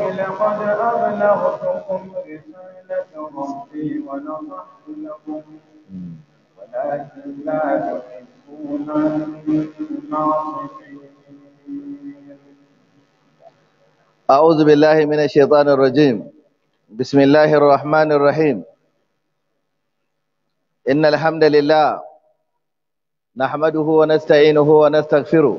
والله لقد أبلغتكم رسالة ربي ونصحت لكم ولكن لا تحبون الناصحين أعوذ بالله من الشيطان الرجيم بسم الله الرحمن الرحيم إن الحمد لله نحمده ونستعينه ونستغفره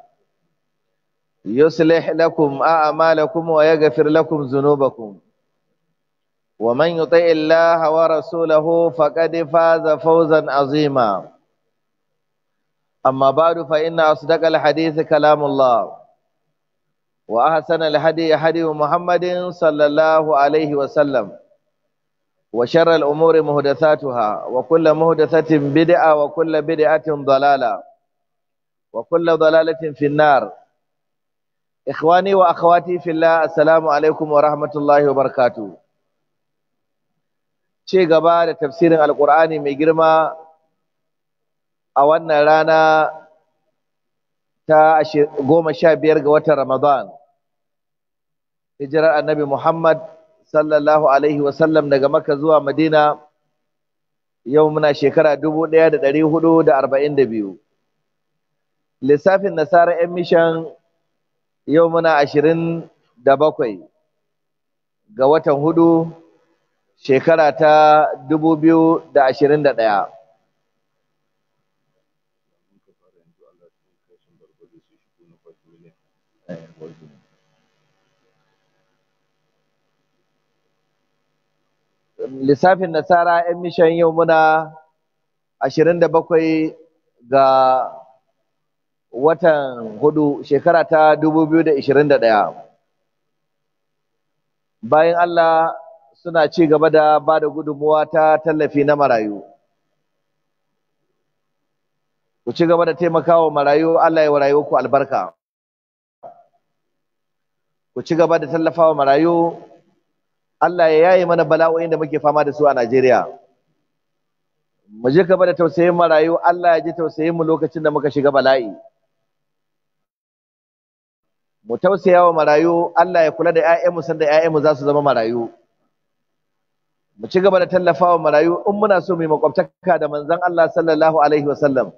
يصلح لكم أعمالكم ويغفر لكم ذنوبكم ومن يطع الله ورسوله فقد فاز فوزا عظيما أما بعد فإن أصدق الحديث كلام الله وأحسن الهدي هدي محمد صلى الله عليه وسلم وشر الأمور مهدثاتها وكل مهدثة بدعة وكل بدعة ضلالة وكل ضلالة في النار Ikhwani wa akhwati fillah assalamu alaikum wa rahmatullahi wa barakatuh. Ce gaba da tafsirin Alƙur'ani mai girma a wannan rana ta goma sha biyar ga watan Ramadan. Hijirar annabi Muhammad sallallahu alaihi wasallam daga Makka zuwa Madina yau muna shekara dubu ɗaya da ɗari hudu da arba'in da biyu. Lissafin nasarar 'yan mishan yau muna ashirin da bakwai ga watan hudu shekara ta dubu biyu da ashirin da ɗaya lissafin nasara 'yan mishan yau muna ashirin da bakwai ga watan hudu shekara ta 2021 bayan Allah suna ci gaba da ba da gudunmuwa ta tallafi na marayu ku ci gaba da taimakawa marayu Allah ya wa ku albarka ku ci gaba da tallafawa marayu Allah ya yaye mana bala'o'in da muke fama da su a Najeriya mu ji gaba da tausayin marayu Allah ya ji tausayin mu lokacin da muka shiga bala'i mu tausaya wa marayu Allah ya kula da ƴaƴanmu sanda ƴaƴanmu za su zama marayu mu ci gaba da tallafawa marayu in muna so mu makwabtaka da manzon Allah sallallahu alaihi wasallam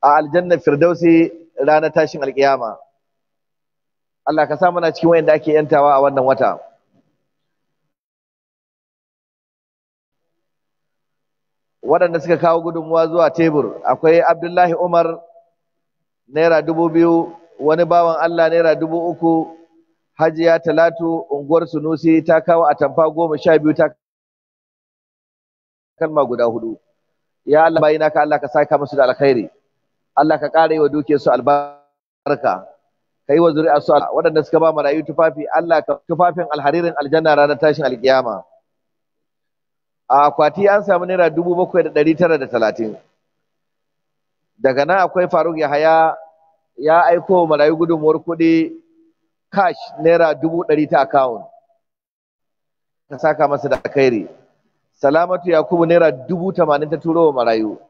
a aljanna firdausi ranar tashin alkiyama Allah ka sa muna cikin wayanda ake yantawa a wannan wata waɗanda suka kawo gudunmuwa zuwa tebur akwai abdullahi umar naira dubu biyu wani bawan Allah naira dubu uku hajiya talatu unguwar sunusi ta kawo atamfa goma sha biyu ta kalma guda hudu ya Allah bayi naka Allah ka saka musu da alkhairi Allah ka ƙara yi wa duke su albarka ka yi wa zuri'a su waɗanda suka ba marayu tufafi Allah ka tufafin alharirin aljanna ranar tashin alkiyama a akwati an samu naira dubu bakwai da ɗari tara da talatin daga nan akwai faruk yahaya ya aiko wa marayu gudunmuwar kuɗi cash naira dubu ɗari ta account ka saka masa da kairi salamatu yakubu naira dubu tamanin ta turo wa marayu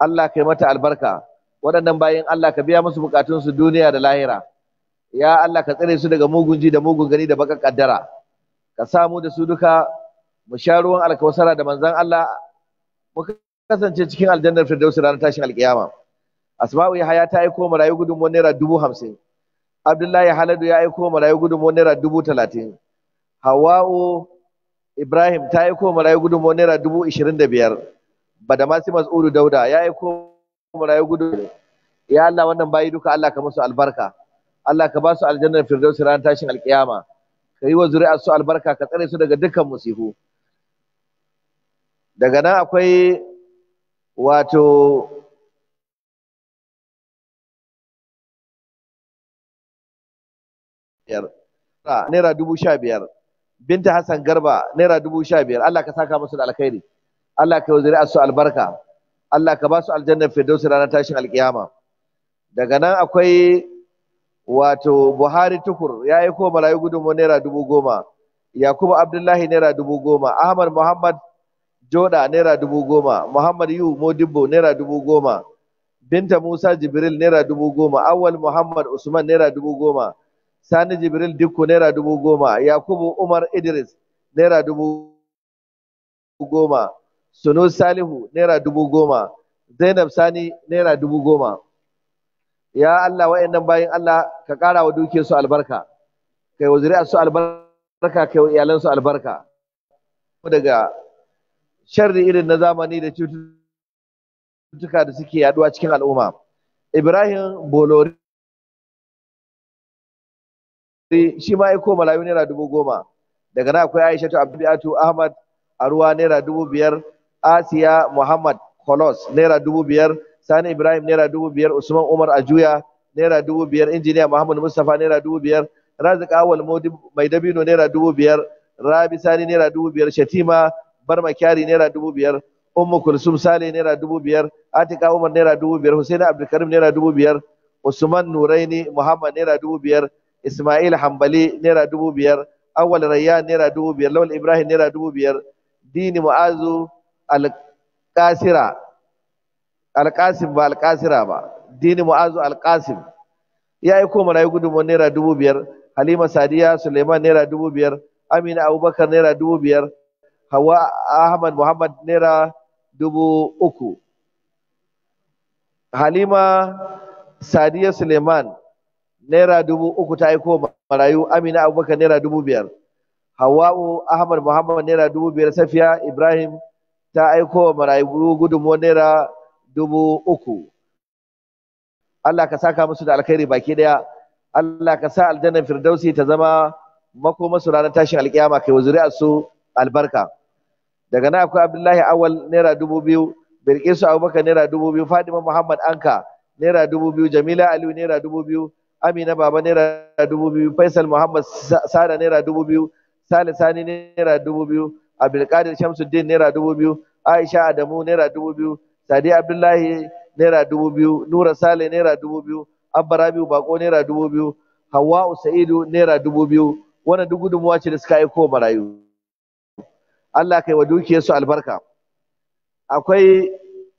Allah kai mata albarka waɗannan bayan Allah ka biya musu bukatunsu duniya da lahira ya Allah ka tsare su daga mugun ji da mugun gani da baka kaddara ka samu da su duka mu sha ruwan alkawasara da manzan Allah mu kasance cikin aljannar firdausi ranar tashin alkiyama asma'u yahaya ta aiko gudun wani naira dubu hamsin abdullahi haladu ya aiko gudun wani naira dubu talatin hawa'u ibrahim ta aiko gudun wani naira dubu ishirin da biyar badamasi mas'udu dauda ya aiko rayu-gudun. ya allah wannan bayi duka allah ka musu albarka allah ka ba su aljannar firdaus ran tashin alkiyama ka yi wa zuri'ar su albarka ka tsare su daga dukkan musifu daga nan akwai wato biyar naira dubu sha biyar binta hassan garba naira dubu sha biyar allah ka saka musu da alkhairi allah ka yi su albarka allah ka ba su aljannar firdausi ranar tashin alkiyama daga nan akwai wato buhari tukur ya yi ko marayu gudunmu naira dubu goma yakubu abdullahi naira dubu goma ahmad muhammad joda naira dubu goma muhammad yu modibbo naira dubu goma binta musa jibril naira dubu goma awal muhammad usman naira dubu goma Sani Jibril Dikko Naira dubu goma, Yakubu Umar Idris Naira dubu goma, Sunu Salihu Naira dubu goma, Zainab Sani Naira dubu goma. Ya Allah nan bayan Allah ka ƙara wa su albarka, kai wa su albarka, kai wa su albarka. Daga sharri irin na zamani da cututtuka da suke yaduwa cikin al'umma. Ibrahim Bolori sai shi ma aiko malayu naira dubu goma daga nan akwai aisha to abdu'atu ahmad ruwa naira dubu biyar asiya muhammad kolos naira dubu biyar sani ibrahim naira dubu biyar usman umar ajuya naira dubu biyar injiniya muhammad mustapha naira dubu biyar razik awal modi mai dabino naira dubu biyar rabi sani naira dubu biyar shatima barma kyari naira dubu biyar ummu kulsum sale naira dubu biyar atika umar naira dubu biyar husaini abdulkarim naira dubu biyar usman nuraini muhammad naira dubu biyar Ismail Hambali naira dubu biyar Awal Rayyan naira dubu biyar Lawal Ibrahim naira dubu biyar Dini Mu'azu Alƙasira Alƙasim ba Alƙasira ba Dini Mu'azu Alƙasim ya aiko mana yi gudunmu naira dubu biyar Halima Sadiya Suleiman naira dubu biyar Amina Abubakar naira dubu biyar Hawa Ahmad Muhammad naira dubu uku Halima Sadiya Suleiman naira dubu uku ta aiko marayu amina abubakar naira dubu biyar hawa'u ahmad muhammad naira dubu biyar safiya ibrahim ta aiko marayu gudunmuwar naira dubu uku Allah ka saka musu da alkhairi baki daya Allah ka sa aljannar firdausi ta zama makomasu ranar tashin alkiyama kai a su albarka daga na akwai abdullahi awal naira dubu biyu bilkisu abubakar naira dubu biyu fadima muhammad anka naira dubu biyu jamila aliyu naira dubu biyu amina baba naira dubu biyu faisal muhammad sada naira dubu biyu sale sani naira dubu biyu abdulkadir shamsuddin naira dubu biyu aisha adamu naira dubu biyu sadi abdullahi naira dubu biyu nura sale naira dubu biyu abba rabiu bako naira dubu biyu Hawa Usaidu naira dubu biyu wannan duk gudunmuwa ce da suka aiko marayu Allah kai wa dukiyarsu albarka akwai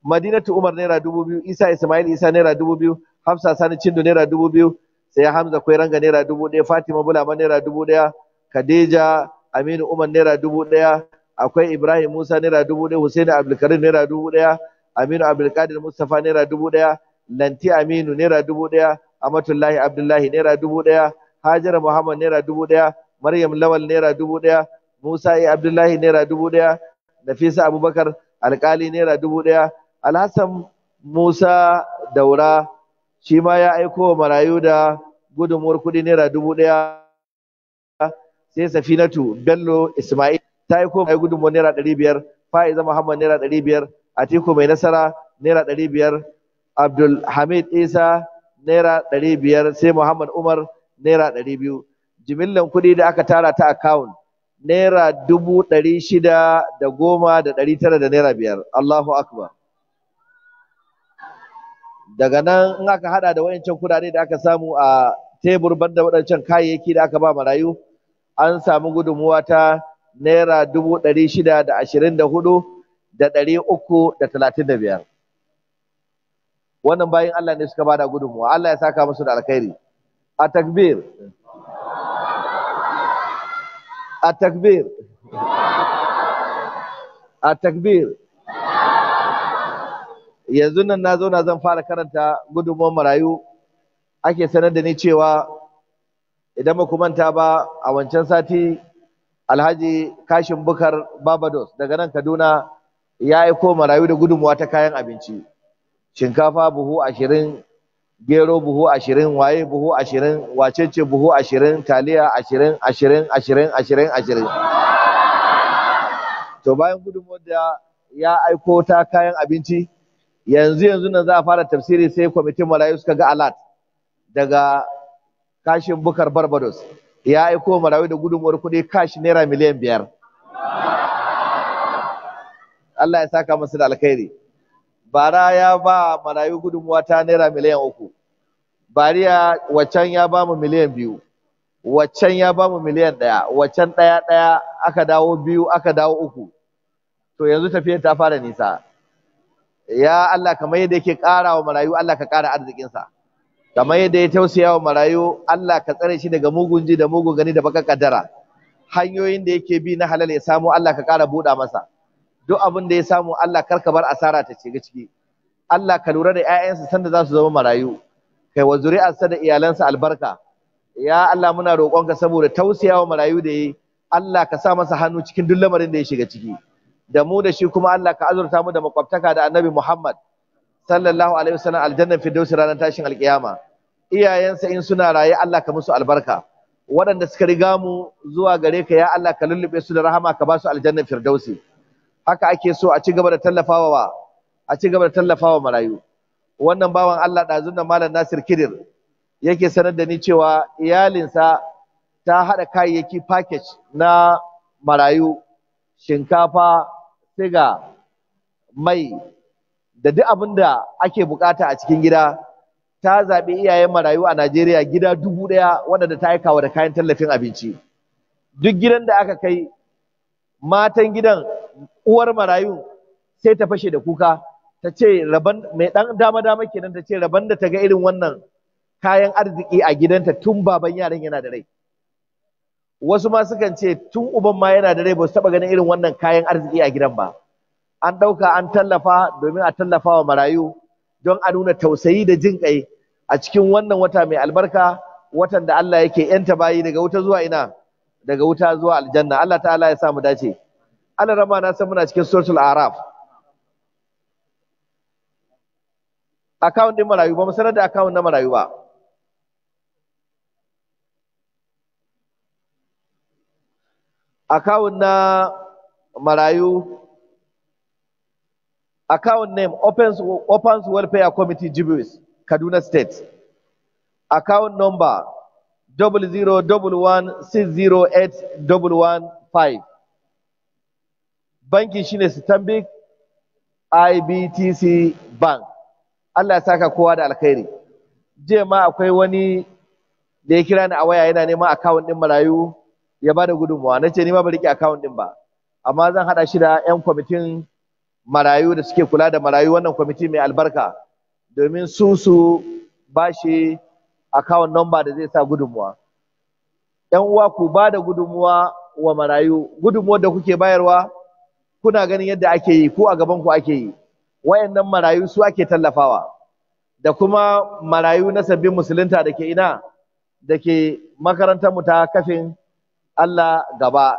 madinatu umar naira dubu biyu isa ismail isa naira dubu biyu hafsa sani cindo naira dubu biyu sai Hamza Kwairanga naira dubu ɗaya Fatima Bulama naira dubu ɗaya Khadija Aminu Umar naira dubu ɗaya akwai Ibrahim Musa naira dubu ɗaya Hussein Abdulkarim naira dubu ɗaya Aminu Abdulkadir Mustapha naira dubu ɗaya Lanti Aminu naira dubu ɗaya Amatullahi Abdullahi naira dubu ɗaya Hajara Muhammad naira dubu ɗaya Maryam Lawal naira dubu ɗaya Musa A Abdullahi naira dubu ɗaya Nafisa Abubakar Alkali naira dubu ɗaya Alhassan Musa Daura shi ma ya aiko wa marayu da gudunmuwar kuɗi naira dubu ɗaya sai safinatu bello ismail ta aiko mai gudunmuwar naira ɗari biyar fa'iza muhammad naira ɗari biyar atiku mai nasara naira ɗari biyar abdul hamid isa naira ɗari biyar sai muhammad umar naira ɗari biyu jimillan kuɗi da aka tara ta akawun naira dubu ɗari shida da goma da ɗari tara da naira biyar allahu akbar daga nan in aka hada da wayancan kudade da aka samu a tebur banda wadancan kayayyaki da aka ba marayu an samu gudunmuwa ta naira dubu ɗari shida da ashirin da hudu da ɗari uku da talatin da biyar wannan bayan Allah ne suka ba da gudunmuwa Allah ya saka musu da alkhairi a takbir a takbir a takbir yanzu nan na zauna zan fara karanta gudunmuwan marayu ake sanar da ni cewa idan ba manta ba a wancan sati alhaji kashin bukar barbados daga nan kaduna ya aiko marayu da gudunmuwa ta kayan abinci shinkafa buhu ashirin gero buhu ashirin waye buhu ashirin wacece buhu ashirin taliya ashirin ashirin ashirin ashirin ashirin to bayan gudunmuwa da ya aiko ta kayan abinci yanzu yanzu nan za a fara tafsiri sai kwamitin marayu suka ga alat daga kashin bukar barbados ya aiko marayu da gudunmuwar kuɗi kashi naira miliyan biyar Allah ya saka masu da alkhairi bara ya ba marayu gudunmuwa ta naira miliyan uku bariya waccan ya ba mu miliyan biyu waccan ya ba mu miliyan ɗaya waccan ɗaya ɗaya aka dawo biyu aka dawo uku to yanzu tafiyar ta fara nisa ya Allah kamar yadda yake ƙara wa marayu Allah ka ƙara arzikinsa kamar yadda ya tausaya wa marayu Allah ka tsare shi daga mugun ji da mugun gani da baka kaddara hanyoyin da yake bi na halal ya samu Allah ka ƙara buɗa masa duk abin da ya samu Allah kar ka bar asara ta shiga ciki Allah ka lura da ƴaƴansa sanda za su zama marayu kai wa zuri'arsa da iyalansa albarka ya Allah muna roƙonka saboda tausaya wa marayu da yi Allah ka sa masa hannu cikin duk lamarin da ya shiga ciki da mu da shi kuma Allah ka azurta mu da makwabtaka da annabi Muhammad sallallahu alaihi wasallam aljanna fi ranar tashin alkiyama iyayensa in suna raye Allah ka musu albarka waɗanda suka riga mu zuwa gare ka ya Allah ka lullube su da rahama ka ba su aljanna firdausi haka ake so a ci gaba da tallafawa a ci gaba da tallafawa marayu wannan bawan Allah ɗazun nan malam Nasir Kidir yake sanar da ni cewa iyalinsa ta haɗa kayayyaki package na marayu shinkafa sai ga mai da duk abin da ake bukata a cikin gida ta zaɓi iyayen marayu a Najeriya gida dubu ɗaya waɗanda ta aikawa da kayan tallafin abinci duk gidan da aka kai matan gidan uwar marayu sai ta fashe da kuka ta ce raban mai ɗan dama dama kenan ta ce raban da ta ga irin wannan kayan arziki a gidanta tun baban yaran yana da rai wasu ma sukan ce tun uban ma yana da rai ba su taɓa ganin irin wannan kayan arziki a gidan ba an ɗauka an tallafa domin a tallafa wa marayu don a nuna tausayi da jin kai a cikin wannan wata mai albarka watan da Allah yake yanta bayi daga wuta zuwa ina daga wuta zuwa aljanna Allah ta'ala ya samu dace Allah rama na san muna cikin suratul araf account din marayu ba mu sanar da account na marayu ba account na marayu account name opens, opens welfare committee jibus kaduna state account number double zero double one six zero eight double one five banki shine Stanbic IBTC Bank Allah ya saka kowa da alkhairi jiya ma akwai wani da ya kira ni a waya yana neman account din marayu ya ba da gudunmuwa na ce ni ma ba rike account din ba amma zan haɗa shi da 'yan kwamitin marayu da suke kula da marayu wannan kwamiti mai albarka domin su su ba shi account number da zai sa gudunmuwa ‘yan uwa ku ba da gudunmuwa wa marayu gudunmuwa da kuke bayarwa kuna ganin yadda ake yi ko a gaban ku ake yi wayannan marayu su ake tallafawa da kuma marayu na sabbin musulunta da ke ina da ke makarantar mu ta kafin Allah gaba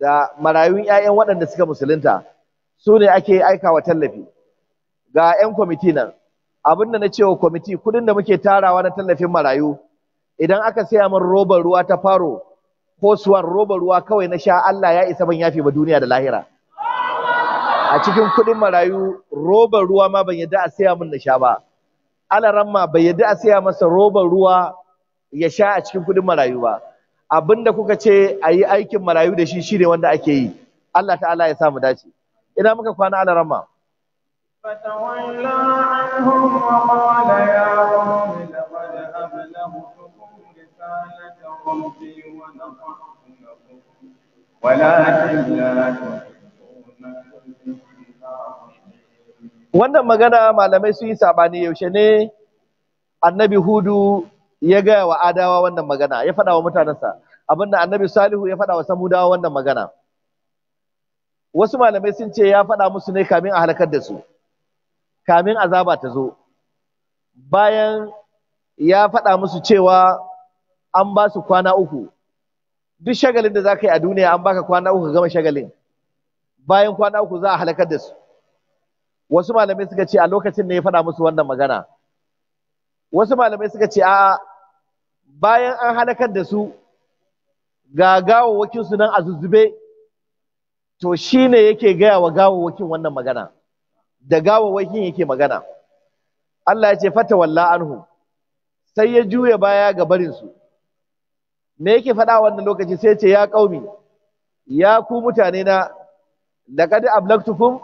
da marayun 'ya'yan waɗanda suka musulunta su ne ake aikawa tallafi ga 'yan kwamiti nan abin da na cewa kwamiti kudin da muke tarawa na tallafin marayu idan aka saya min robar ruwa ta faro ko suwar robar ruwa kawai na sha Allah ya isa ban yafe ba duniya da lahira a cikin kudin marayu robar ruwa ma ban yadda a saya min na sha ba alaran bai yadda a saya masa robar ruwa ya sha a cikin kudin marayu ba abinda kuka ce a yi aikin marayu da shi ne wanda ake yi Allah ta'ala ya samu dace ina muka kwana ala rama wannan magana malamai sun yi sabani yaushe ne annabi hudu ya gaya wa adawa wannan magana ya faɗa wa mutanensa abinda annabi salihu ya faɗa wa samudawa wannan magana wasu malamai sun ce ya faɗa musu ne kamin a halakar da su kamin azaba ta zo bayan ya faɗa musu cewa an ba su kwana uku duk shagalin da za ka yi a duniya an baka kwana uku gama shagalin bayan kwana uku za a halakar da su wasu malamai suka ce a lokacin ne ya faɗa musu wannan magana wasu malamai suka ce a bayan an halakar da su ga gawawwakin su nan a zuzzube to shine yake gaya wa gawawwakin wannan magana da gawawwakin yake magana Allah ya ce fata walla anhu sai ya juya baya ga barin su me yake faɗa wannan lokaci sai ce ya kaumi ya ku mutane na laqad ablagtukum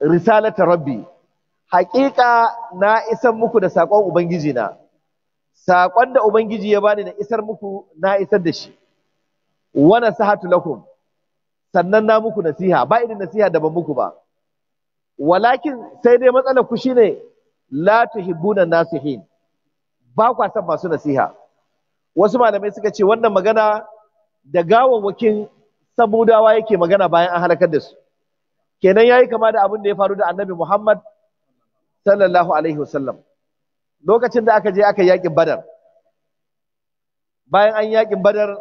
risalata rabbi haƙiƙa na isan muku da sakon ubangiji na saƙon da ubangiji ya bani na isar muku na isar da shi wa nasihatu lakum sannan na muku nasiha ba irin nasiha da ban muku ba walakin sai dai matsalar ku shine la tuhibbuna nasihin ba kwa san masu nasiha wasu malamai suka ce wannan magana da gawawwakin samudawa yake magana bayan an halakar da su kenan ya yi kama da abin da ya faru da annabi Muhammad sallallahu alaihi wasallam lokacin da aka je aka yakin badar bayan an yakin badar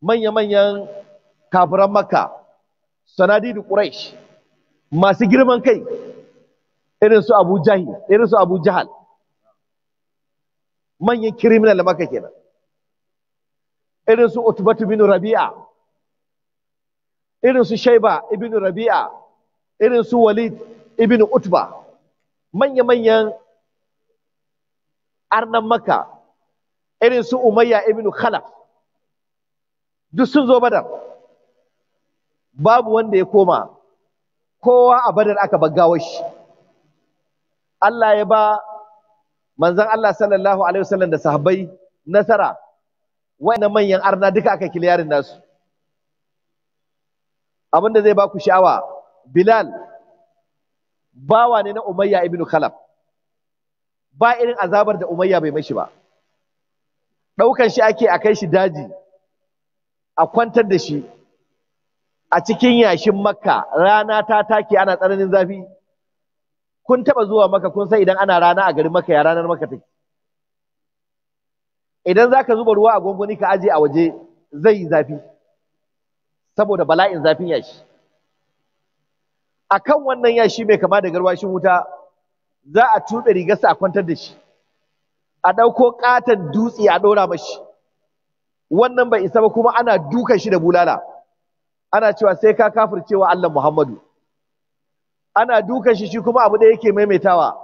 manya-manyan kafiran makka sanadidu quraish masu girman kai irin su abu jahi irin su abu jahal manyan kirimina da maka kenan irin su utbatu bin rabi'a irin su shaiba ibn rabi'a irin su walid ibn utba manya-manyan arnan maka irin su umayya ibn khalaf duk sun zo badar babu wanda ya koma kowa a badar aka baggawa shi Allah ya ba manzon Allah sallallahu alaihi wasallam da sahabbai nasara na manyan arna duka aka kiliyarin nasu abinda zai ba ku sha'awa Bilal bawa ne na Umayya ibn Khalaf ba irin azabar da umayya bai mashi ba ɗaukan shi ake a kai shi daji a kwantar da shi a cikin yashin makka rana ta take ana tsananin zafi kun taɓa zuwa maka kun san idan ana rana a garin maka ya ranar maka take idan za ka zuba ruwa a gwangwani ka aje a waje zai yi zafi saboda bala'in zafin yashi a kan wannan yashi mai kama da garwashin wuta za a tuɓe rigarsa a kwantar da shi a ɗauko ƙaton dutse a ɗora mashi wannan bai isa ba kuma ana dukan shi da bulala ana cewa sai ka cewa Allah Muhammadu ana dukan shi shi kuma abu da yake maimaitawa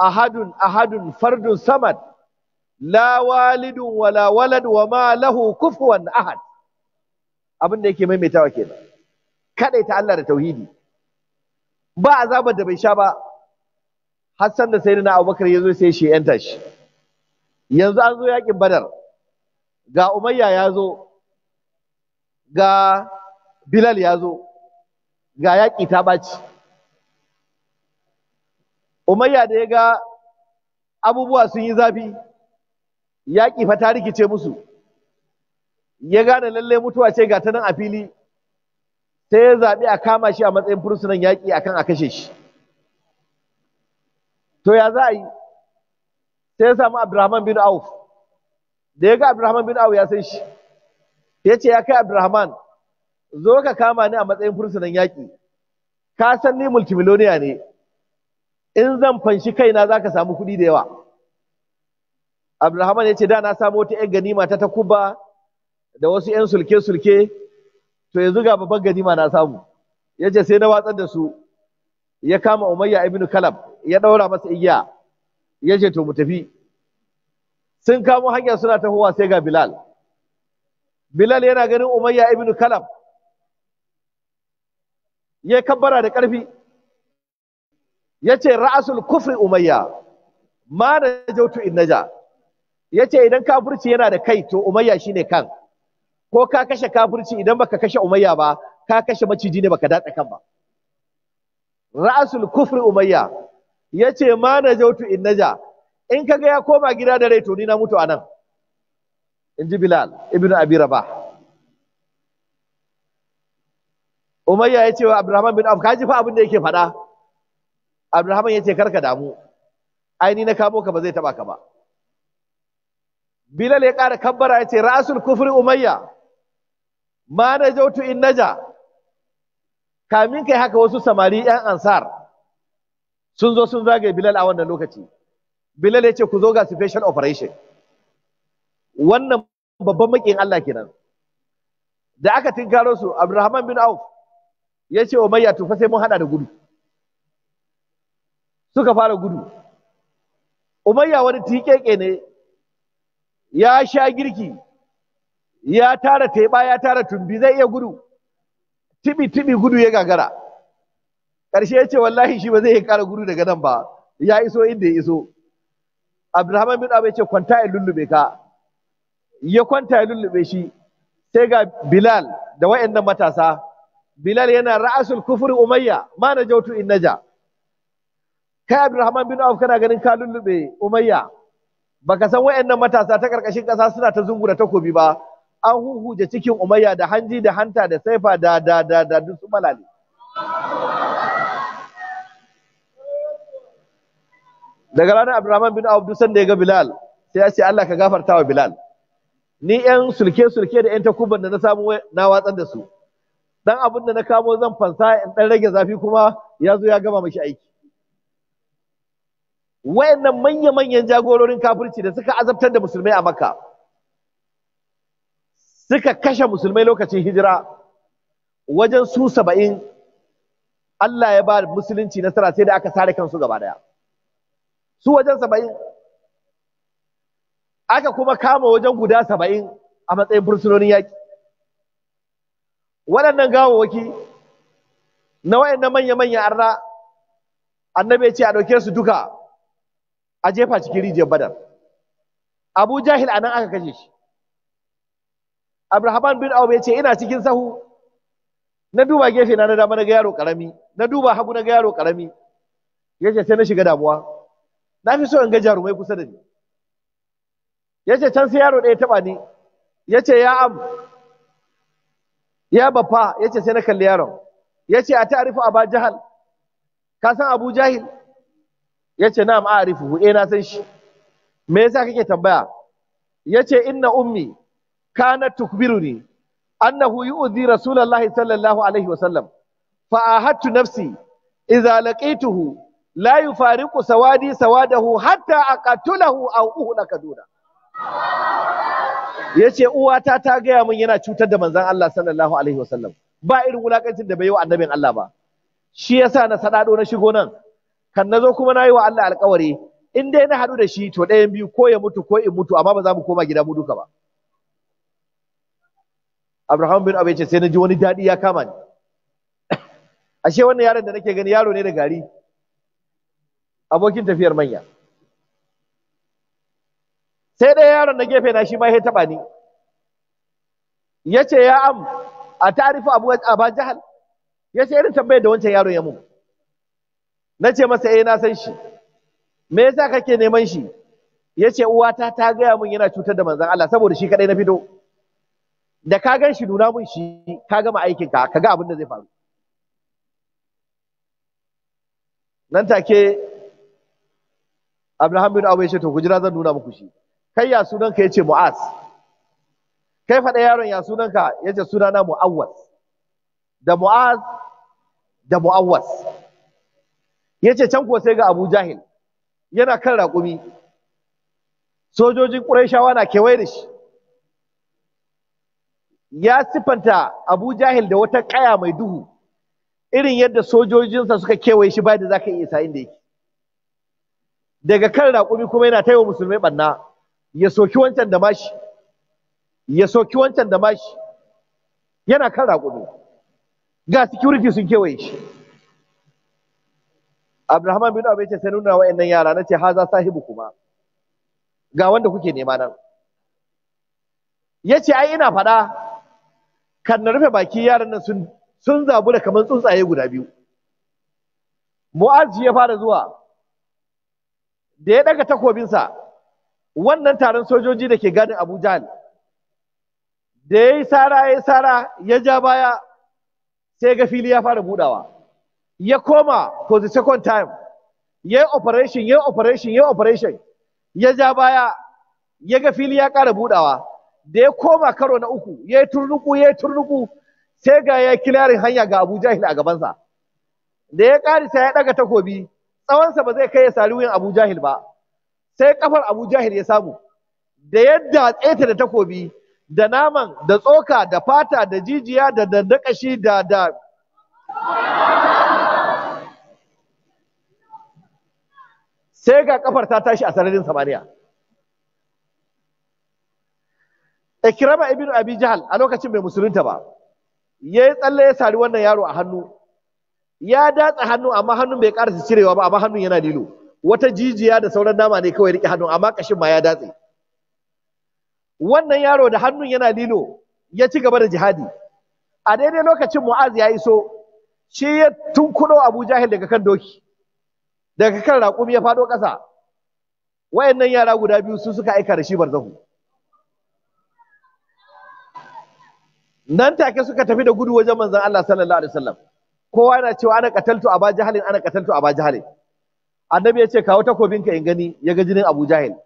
ahadun ahadun fardun samad la walidun wala walad wa ma lahu kufuwan ahad abin da yake maimaitawa kenan ta Allah da tauhidi ba azabar da bai sha ba har san da na Abubakar ya zo sai shi yanta shi yanzu an zo yakin Badar ga Umayya ya zo ga Bilal ya zo ga yaƙi ta ɓaci Umayya da ya ga abubuwa sun yi zafi yaƙi fa ta rikice musu ya gane lallai mutuwa ce ga ta nan a fili sai ya zaɓi a kama shi a matsayin fursunan yaƙi akan a kashe shi to ya za a yi sai ya samu abdurrahman bin auf da ya ga abdurrahman bin auf ya san shi ya ce ya kai abdurrahman zo ka kama ni a matsayin fursunan yaƙi ka san ni multimiloniya ne in zan fanshi kaina za ka samu kuɗi da yawa abrahman ya ce da na samu wata 'yan ganima ta takuba da wasu 'yan sulke-sulke to yanzu ga babban ganima na samu ya ce sai na watsar da su ya kama umayya ibn kalab ya daura masa igiya ya ce to mu tafi sun kamo hanya suna tahowa sai ga bilal bilal yana ganin umayya ibn kalab ya kabbara da ƙarfi ya ce ra'asul kufri umayya ma na jautu in naja ya ce idan kafirci yana da kai to umayya shine kan ko ka kashe kafirci idan baka kashe umayya ba ka kashe maciji ne baka datse kan ba ra'asul kufr umayya yace ma najautu in naja in kaga ya koma gida da rai to ni na mutu anan inji bilal ibnu abi rabah umayya ya wa abdurrahman bin auf kaji fa abin da yake faɗa abdurrahman ya ce karka damu ai ni na kamo ka ba zai taba ka ba bilal ya kara kabbara ya ce ra'asul kufri umayya ma najautu in naja kamin kai haka wasu samari yan ansar sun zo sun zagaye bilal a wannan lokaci bilal ya ce ku zo ga special operation wannan babban makin Allah kenan da aka tinkaro su Abdulrahman bin Auf ya ce Umayya to fa sai mun hada da gudu suka fara gudu Umayya wani tikeke ne ya sha girki ya tara teba ya tara tumbi zai iya gudu tibi tibi gudu ya gagara ƙarshe ya ce wallahi shi ba zai kara gudu daga nan ba ya iso inda ya iso abdulrahman bin abu ya ce kwanta ya lullube ka ya kwanta ya lullube shi sai ga bilal da wayannan matasa bilal yana ra'asul kufurin umayya ma na jautu in naja kai abdulrahman bin abu kana ganin ka lullube umayya Ba ka san wayannan matasa ta ƙarƙashin ƙasa suna ta zungura takobi ba an huhuje cikin umayya da hanji da hanta da saifa da da da da duk su malale daga ranar abdurrahman bin auf sanda da ya ga bilal sai ya ce allah ka gafarta wa bilal ni yan sulke sulke da yan takuban da na samu na watsar da su dan abin da na kamo zan fansa in dan rage zafi kuma ya zo ya gama mashi aiki wayannan manya-manyan jagororin kafirci da suka azabtar da musulmai a makka suka kashe musulmai lokacin hijira wajen su saba'in Allah ya ba musulunci nasara sai da aka sare kansu gaba daya su wajen saba'in aka kuma kama wajen guda saba'in a matsayin fursunonin yaƙi waɗannan gawawaki na wayannan manya-manya arna annabi ce a ɗauke su duka a jefa cikin rijiyar badar abu jahil a nan aka kashe shi Abrahaman bin Auf ya ce ina cikin sahu na duba gefe na na dama na ga yaro karami na duba hagu na ga yaro karami yace sai na shiga damuwa na fi so in ga jarumai kusa da ni yace can sai yaro ɗaya taba ni yace ya am ya bafa yace sai na kalli yaron yace a ta'rifu aba jahal ka san abu jahil yace na'am a'rifu eh na san shi me yasa kake tambaya yace inna ummi kanat tukbiruni annahu yu'zi rasulullahi sallallahu alaihi wasallam fa ahadtu nafsi idza laqituhu la yufariqu sawadi sawadahu hatta aqatulahu aw uhlaka duna yace uwata ta gaya min yana cutar da manzon Allah sallallahu alaihi wasallam ba irin wulakancin da bai yi wa annabin Allah ba shi yasa na sadado na shigo nan kan nazo kuma nayi wa Allah alƙawari in dai na haɗu da shi to ɗayan biyu ko ya mutu ko in mutu amma ba za mu koma gida mu duka ba Abraham bin Abi ce sai na ji wani daɗi ya kama ni ashe wannan yaron da nake gani yaro ne da gari abokin tafiyar manya sai ɗaya yaron na gefe na shi ma ya taɓa ni ya ce ya am a tarifu abu aba jahal ya ce irin tambayar da wancan yaron ya mun na ce masa eh na san shi me yasa kake neman shi ya ce uwata ta gaya mun yana cutar da manzon Allah saboda shi kadai na fito da ka gan shi nuna mun shi ka gama aikinka ka ga abin da zai faru nan take Abdullahi bin Abu ya ce to kujira zan nuna muku shi kai ya sunanka yace Mu'az kai faɗa yaron ya sunanka yace sunana Mu'awwas da Mu'az da Mu'awwas yace can ko sai ga Abu Jahil yana kan raƙumi sojojin Qurayshawa na kewaye da shi ya sifanta Abu Jahil da wata kaya mai duhu irin yadda sojojinsa suka kewaye shi ba da zaka iya isa inda yake daga kan raƙumi kuma yana taiwa musulmai banna ya soki wancan da mashi ya soki wancan da mashi yana kan raƙumi ga security sun kewaye shi Abraham bin Abi ce sai nuna wa'annan yara nace haza sahibu kuma ga wanda kuke nema nan yace ai ina faɗa kan na rufe baki yaran nan sun sun da kamar tsuntsaye guda biyu mu'azzi ya fara zuwa da ya daga takobinsa wannan taron sojoji da ke gadin abu Jahl da ya yi sara ya yi sara ya ja baya sai ga fili ya fara budawa ya koma for the second time ya yi operation ya yi operation ya yi operation ya ja baya ya ga fili ya ƙara budawa da ya koma karo na uku ya yi turnuku ya yi turnuku sai ga ya kilarin hanya ga Abu Jahil a gabansa da ya karisa ya ɗaga takobi tsawonsa ba zai kai ya sari wuyan Abu Jahil ba sai kafar Abu Jahil ya samu da yadda tseta da takobi da naman da tsoka da fata da jijiya da dandakashi da da sai ga kafar ta tashi a sararin samaniya ikirama ibn abi jahal a lokacin bai musulunta ba ya yi tsalle ya sari wannan yaro a hannu ya datsa hannu amma hannun bai karasa cirewa ba amma hannun yana lilo wata jijiya da sauran nama ne kawai rike hannu amma kashin ma ya datse wannan yaro da hannun yana lilo ya ci gaba da jihadi a daidai lokacin mu'az ya iso shi ya tunkuno abu jahil daga kan doki daga kan raƙumi ya faɗo ƙasa wayannan yara guda biyu su suka aika da shi barzahu nan take suka tafi da gudu wajen manzon Allah sallallahu alaihi wasallam kowa yana cewa ana a aba jahalin ana a aba jahalin annabi ya ce kawo ka in gani ya ga jinin Abu Jahil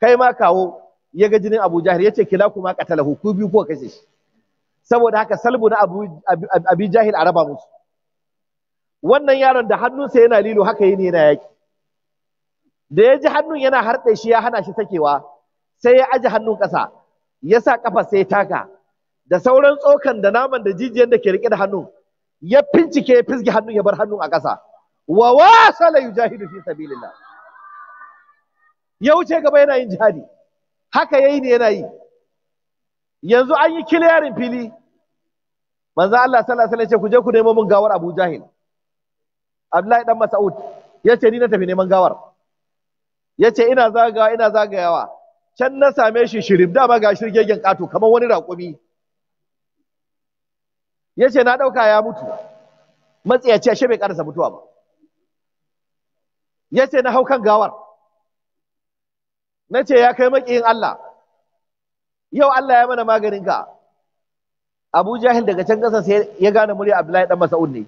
kai ma kawo ya ga jinin Abu Jahil ya ce kila kuma qatalahu ku biyu ko kashe shi saboda haka salbu na Abu Abi Jahil a raba musu wannan yaron da hannunsa yana lilo haka yi ne yana yaki da ya ji hannun yana harɗe shi ya hana shi sakewa sai ya aje hannun ƙasa ya sa ƙafa sai taka da sauran tsokan da naman da jijiyan da ke rike da hannu. ya fincike ya fisge hannu, ya bar hannu a ƙasa wa wasala yujahidu fi sabilillah ya wuce gaba yana yin jihadi haka yayi ne yana yi yanzu an yi kiliyarin fili manzo Allah sallallahu alaihi wasallam ya ce ku je ku nemo mun gawar Abu Jahil Abdullahi dan Mas'ud ya ce ni na tafi neman gawar ya ce ina zagawa ina zagayawa can na same shi shirim dama ga shirgegen kato kamar wani raƙumi Yace na ɗauka ya mutu matsiyaci ashe bai ƙarasa mutuwa ba Yace na hau kan gawar na ce ya kai maƙiyin Allah yau Allah ya mana maganin ka Abu Jahil daga can ƙasa sai ya gane murya Abdullahi dan Mas'ud ne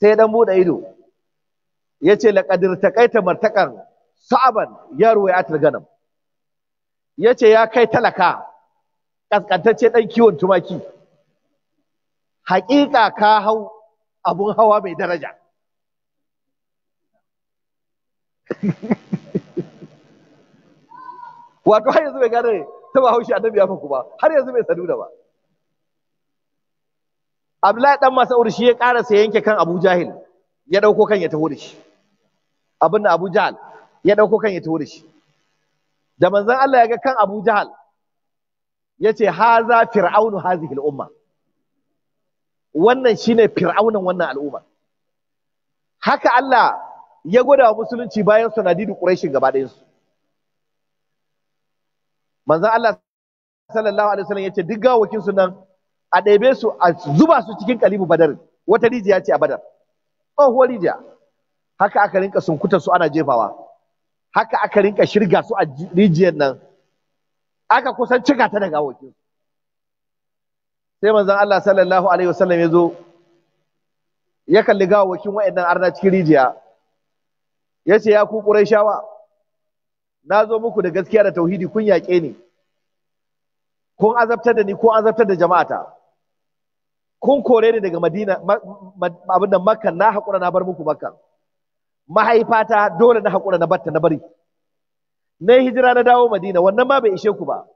sai dan bude ido Yace ce laqadir taqaita martakan sa'aban ya ruwayatul ganam Yace ya kai talaka kaskantacce dan kiwon tumaki haƙiƙa ka hau abun hawa mai daraja wato har yanzu bai gane ta ba haushi annabi ya faku ba har yanzu bai sadu da ba Abdullahi dan Mas'ud shi ya ƙara sa yanke kan Abu Jahil ya ɗauko kan ya taho da shi abinda Abu Jahal ya ɗauko kan ya taho da shi da manzon Allah ya ga kan Abu Jahal ce haza fir'aunu hazihi al-umma wannan shine fir'aunan wannan al'umma haka Allah ya gwada wa musulunci bayan sanadidu quraishin gaba ɗayan su manzon Allah sallallahu alaihi wasallam yace duk gawokin su nan a ɗebe su a zuba su cikin kalibu badar wata rijiya ce a badar tsohuwar rijiya haka aka rinka sunkuta su ana jefawa haka aka rinka shirga su a rijiyar nan aka kusan cika ta da gawokin su sai manzon Allah sallallahu alaihi wasallam ya zo ya kalli gawawakin wa'annan arna cikin rijiya ya ce ya ku ƙurayshawa na zo muku da gaskiya da tauhidi kun yaƙe ni kun azabtar da ni ko azabtar da jama'ata kun kore ni daga madina abin da makka na haƙura na bar muku makka mahaifata dole na haƙura na batta na bari na hijira na dawo madina wannan ma bai ishe ku ba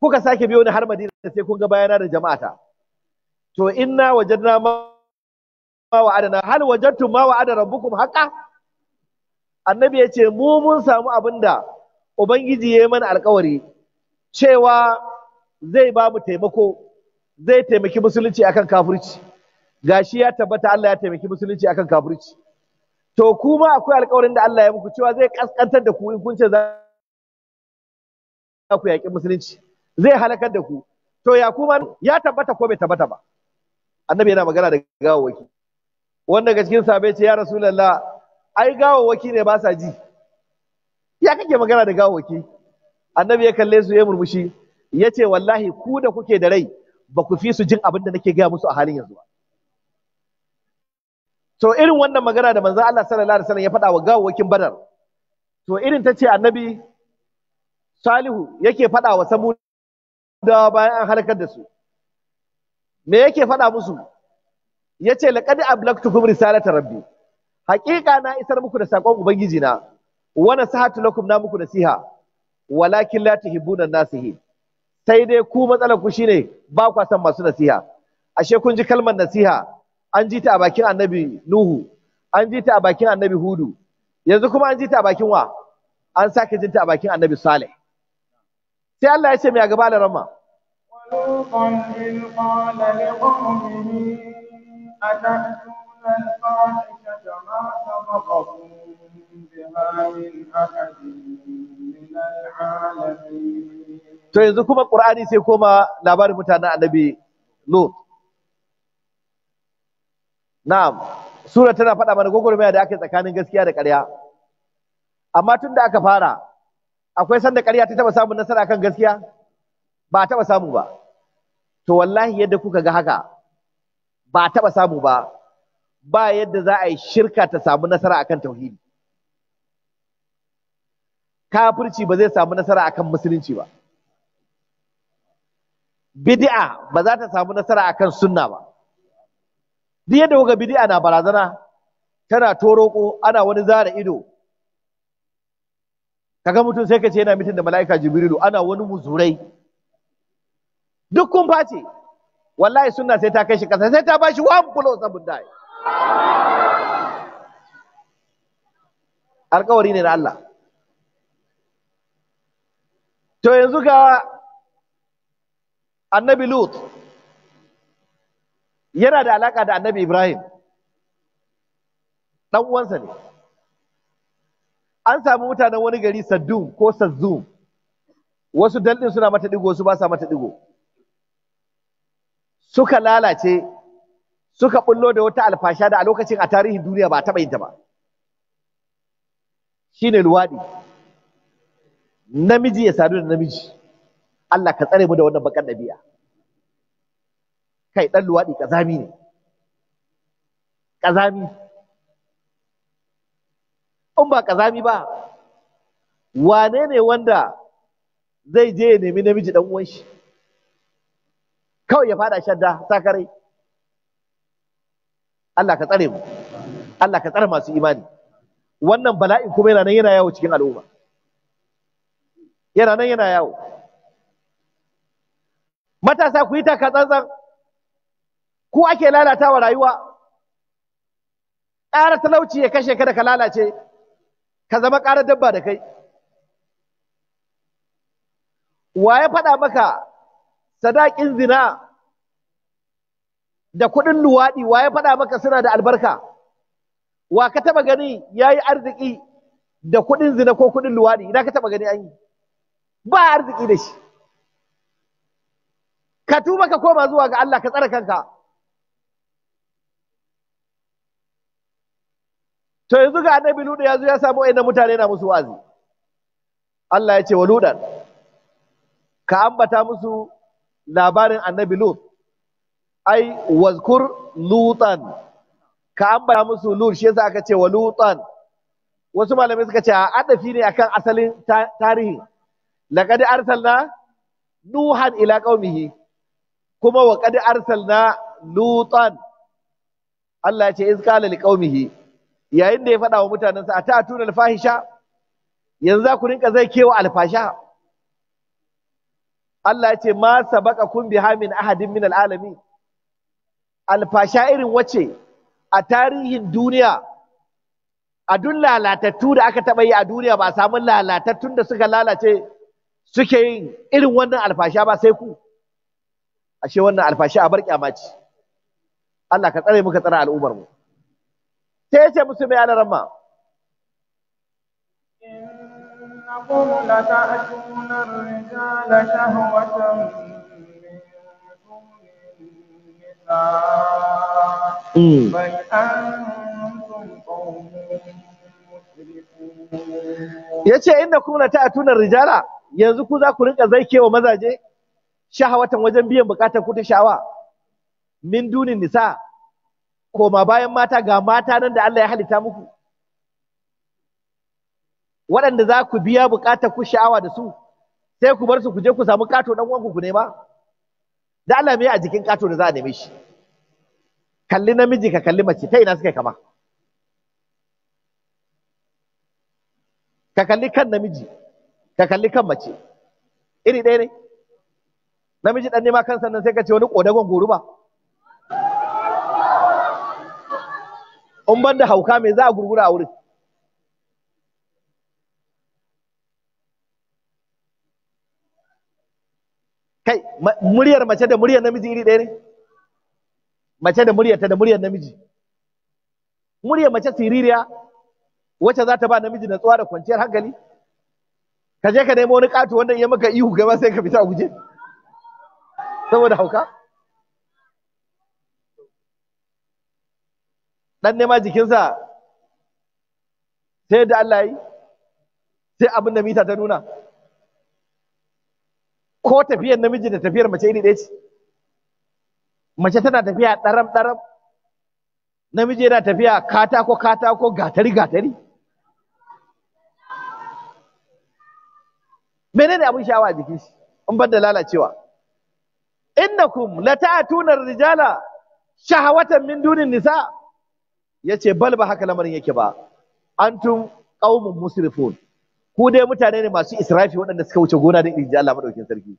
kuka sake biyo ni har madina sai kun ga bayana da jama'ata to inna wajadna ma wa'adana hal wajadtum ma wa'ada rabbukum haqa annabi yace ce mu mun samu abinda ubangiji ya yi mana alƙawari. cewa zai ba mu taimako zai taimaki musulunci akan kafirci gashi ya tabbata Allah ya taimaki musulunci akan kafirci to kuma akwai alƙawarin da Allah ya muku cewa zai kaskantar da ku in kun ce za ku yaƙi musulunci zai halakar da ku to ya kuma ya tabbata ko bai tabbata ba annabi yana magana da gawawaki wanda ga cikin sabai ce ya rasulallah ai gawawaki ne ba sa ji ya kake magana da gawawaki annabi ya kalle su ya murmushi ya ce wallahi ku da kuke da rai ba ku fi su jin abin da nake gaya musu a halin yanzu ba to irin wannan magana da manzo Allah sallallahu alaihi wasallam ya faɗa wa gawawakin badar to irin ta ce annabi salihu yake faɗa wa samu da bayan an halakar da su me yake faɗa musu yace laqad ablagtukum risalata rabbi haƙiƙa na isar muku da sakon ubangiji na wa nasihatu lakum na muku nasiha walakin la tuhibbuna nasihi sai dai ku matsalar ku shine ba kwa san masu nasiha ashe kun ji kalmar nasiha an ji ta a bakin annabi nuhu an ji ta a bakin annabi hudu yanzu kuma an ji ta a bakin wa an sake jin ta a bakin annabi saleh sai Allah ya ce mai gaba da rama لوطا إذ قال لقومه أتأتون الفاحشة ما سبقكم بها من أحد من العالمين To yanzu kuma Ƙur'ani sai koma labarin mutanen annabi Lut. Na'am, sura tana faɗa mana gwagwarmaya da ake tsakanin gaskiya da ƙarya. Amma tun da aka fara, akwai sanda ƙarya ta taɓa samun nasara kan gaskiya? Ba a taɓa samu ba. to wallahi yadda kuka ga haka ba a taɓa samu ba ba yadda za a yi shirka ta samu nasara akan tauhidi kafirci ba zai samu nasara akan musulunci ba bid'a ba za ta samu nasara akan sunna ba duk yadda kuka bid'a na barazana tana toroko ana wani zara ido kaga mutum sai ka ce yana mitin da mala'ika jibrilu ana wani muzurai duk kun face wallahi sunna sai ta kai shi kasa sai ta bashi one blow sabun dai Alƙawari ne na Allah to yanzu ga annabi lut yana da alaka da annabi ibrahim dan uwansa ne an samu mutanen wani gari saddun ko sazzum wasu daldin suna mata digo wasu ba sa mata digo suka lalace suka bullo da wata alfasha da a lokacin a tarihin duniya ba taɓa yin ta ba shine luwaɗi namiji ya sadu da namiji Allah ka tsare mu da wannan bakan ɗabi'a kai ɗan luwaɗi ƙazami ne ƙazami in ba ƙazami ba wane ne wanda zai je ya nemi namiji ɗan uwan shi kawai ya fada shadda sakarai Allah ka tsare mu Allah ka tsare masu imani wannan bala'in kuma yana nan yana yawo cikin al'umma yana nan yana yawo matasa ku yi taka tsantsan ku ake lalatawa rayuwa ƙara talauci ya kashe ka da ka lalace ka zama ƙara dabba da kai wa ya faɗa maka sadakin zina da kuɗin luwaɗi wa ya faɗa maka suna da albarka wa ka taɓa gani ya yi arziki da kuɗin zina ko kuɗin luwaɗi ina ka taɓa gani an yi ba arziki da shi ka tuba ka koma zuwa ga Allah ka tsara kanka to yanzu ga annabi ludu ya zo ya samu wayannan mutane na musu wazi Allah ya ce wa ludan ka ambata musu labarin annabi Lut ai wazkur lutan ka ambata musu Lut shi yasa aka ce wa lutan wasu malamai suka ce a adafi ne akan asalin tarihi laqad arsalna nuhan ila qaumihi kuma wa qad arsalna lutan Allah ya ce iz qala liqaumihi yayin da ya faɗa wa mutanensa a ta'atuna fahisha. yanzu za ku rinka zai kewa alfasha Allah ya ce ma sabaka kun biha min ahadin min alalami alfasha irin wace a tarihin duniya a duk lalatattu da aka taɓa yi a duniya ba samu lalatattun da suka lalace suke yin irin wannan alfasha ba sai ku ashe wannan alfasha a bar kyama ce Allah ka tsare muka tsara al'ummar mu sai ya ce musu mai alaran أنكم لتأتون الرجال شهوة من دون النساء yace inda kuma ta tunar rijala yanzu ku za ku rinka zaikewa mazaje shahawatan wajen biyan bukatar kudin sha'awa min dunin nisa koma bayan mata ga mata nan da Allah ya halitta muku waɗanda za ku biya buƙatar ku sha'awa da su sai ku bar su ku je ku samu kato ɗan uwanku ku nema da Allah me a jikin kato da za a neme shi kalli namiji ka kalli mace ta ina suka kama ka kalli kan namiji ka kalli kan mace iri ɗaya ne namiji ɗan nema kan sannan sai ka ce wani ƙodagon goruba, in ban da hauka me za a gurgura a wurin kai muryar mace da muryar namiji iri ɗaya ne mace da muryar ta da muryar namiji muryar mace siririya wacce za ta ba namiji natsuwa da kwanciyar hankali ka je ka nemo wani ƙato wanda ya maka ihu gaba sai ka fita a guje saboda hauka dan nema jikinsa sai da Allah yi sai abin da mita ta nuna ko tafiyar namiji da tafiyar mace iri ɗaya ce mace tana tafiya ɗaram ɗaram namiji yana tafiya katako katako gatari gatari menene abin sha'awa a jikin shi in ban da lalacewa innakum lata'tuna rijala shahawatan min dunin nisa yace bal ba haka lamarin yake ba antum qaumun musrifun ku dai mutane ne masu israfi waɗanda suka wuce gona da inji Allah madaukin sarki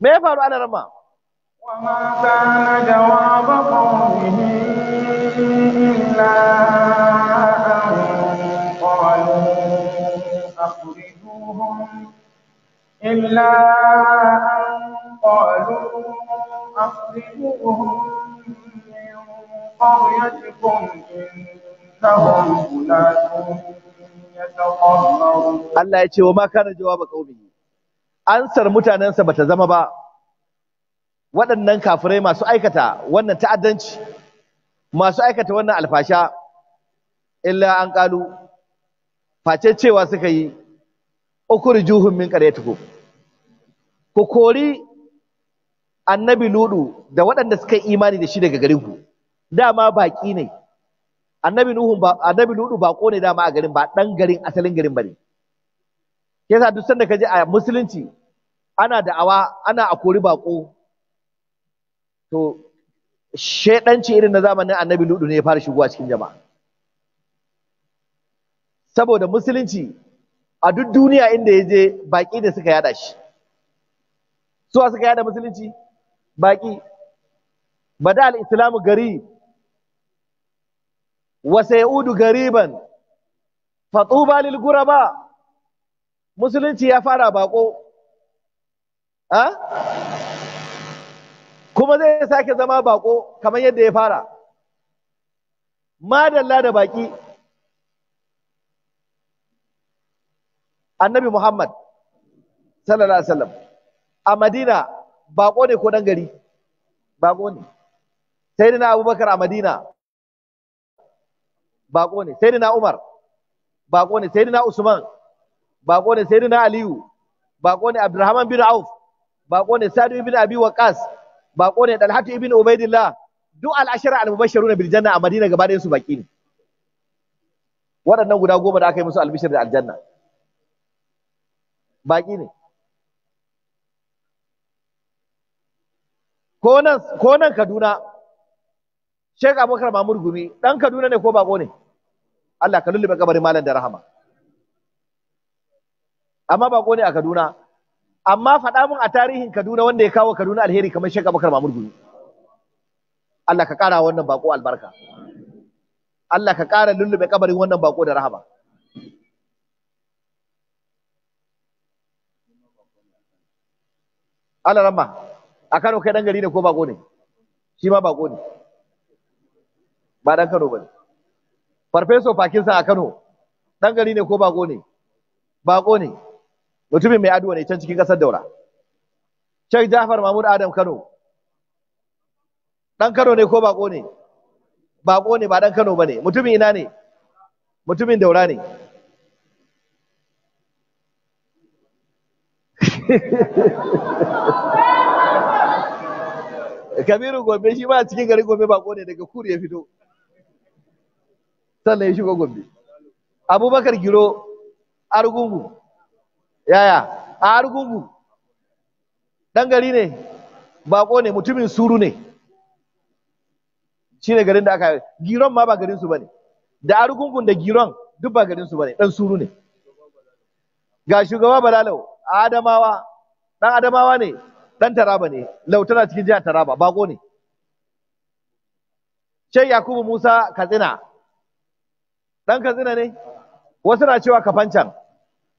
me ya faru ana rama وما كان جواب قومه إلا أن قالوا أخرجوهم من قريتكم إنهم Allah ya ce wa ma kana jawaba qaumihi ansar mutanensa bata zama ba waɗannan kafirai masu aikata wannan ta'addanci masu aikata wannan alfasha illa an kalu face cewa suka yi ukurijuhum min qaryatikum ku kori annabi ludu da waɗanda suka yi imani da shi daga garinku dama baƙi ne annabi nuhu ba annabi ba bako ne dama a garin ba dan garin asalin garin bane yasa duk sanda kaje a musulunci ana da'awa ana a kori bako to shedanci irin na zamanin annabi nuhu ne ya fara shigowa cikin jama'a saboda musulunci a duk duniya inda ya je baki da suka yada shi suwa suka yada musulunci baki bada al-islamu gari wa sayudu gariban fatuba lil guraba musulunci ya fara bako kuma zai sake zama bako kamar yadda ya fara madalla da baki annabi muhammad sallallahu alaihi wasallam a madina bako ne ko dan gari bako ne sai abubakar a madina bako ne na Umar bako ne na Usman bako ne na Aliyu bako ne Abdurrahman bin Auf bako ne Sa'd ibn Abi Waqqas bako ne Talhat ibn Ubaidillah duk al-ashara al-mubashshiruna bil janna a Madina gaba ɗayan su baki ne waɗannan guda goma da aka yi musu albishir da aljanna baki ne ko nan Kaduna Sheikh Abubakar Mamur Gumi dan Kaduna ne ko bako ne Allah ka lullube kabarin malam da rahama amma bako ne a Kaduna amma faɗa mun a tarihin Kaduna wanda ya kawo Kaduna alheri kamar Sheikh Abubakar Mamur Gumi Allah ka ƙara wannan bako albarka Allah ka ƙara lullube kabarin wannan bako da rahama Allah ramma a Kano kai dan gari ne ko bako ne shi ma bako ne ba dan Kano bane farfeso fakinsa a Kano dan gari ne ko bako ne bako ne mutumin mai aduwa ne can cikin kasar daura Sheikh Jafar Mahmud Adam Kano dan Kano ne ko bako ne bako ne ba dan Kano bane mutumin ina ne mutumin daura ne Kabiru gobe shi ma cikin garin gobe bako ne daga Kuri ya fito sannan ya shigo gombe abubakar giro argungu yaya a argungu ɗan gari ne baƙo ne mutumin suru ne shine garin da aka giron ma ba garin su ne, da argungun da giron duk ba garin su ne, ɗan suru ne ga shugaba balalau adamawa ɗan adamawa ne ɗan taraba ne lautana cikin jihar taraba baƙo ne Shai Yakubu Musa Katsina dan katsina ne wasu na cewa kafancan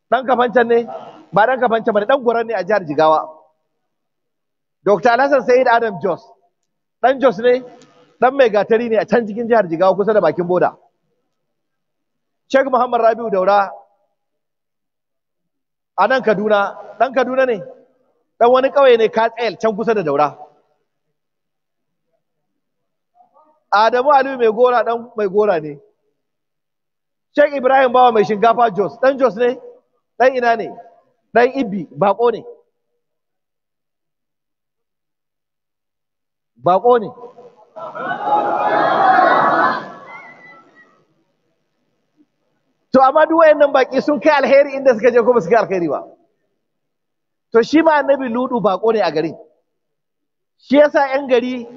dan kafancan ne ba dan kafancan ba dan goran ne a jihar jigawa dr alhassan sayid adam jos dan jos ne dan mai gatari ne a can cikin jihar jigawa kusa da bakin boda sheikh muhammad rabiu daura a nan kaduna dan kaduna ne dan wani kauye ne tsayar can kusa da daura Adamu Aliyu mai gora dan mai gora ne. Sheikh Ibrahim Bawa mai shinkafa Jos, ɗan Jos ne? Ɗan ina ne? Ɗan Ibi, baƙo ne. Baƙo ne. To amma duk wayannan baƙi sun kai alheri inda suka je ko ba su kai alheri ba. To shi ma annabi Ludu baƙo ne a garin. Shi yasa 'yan gari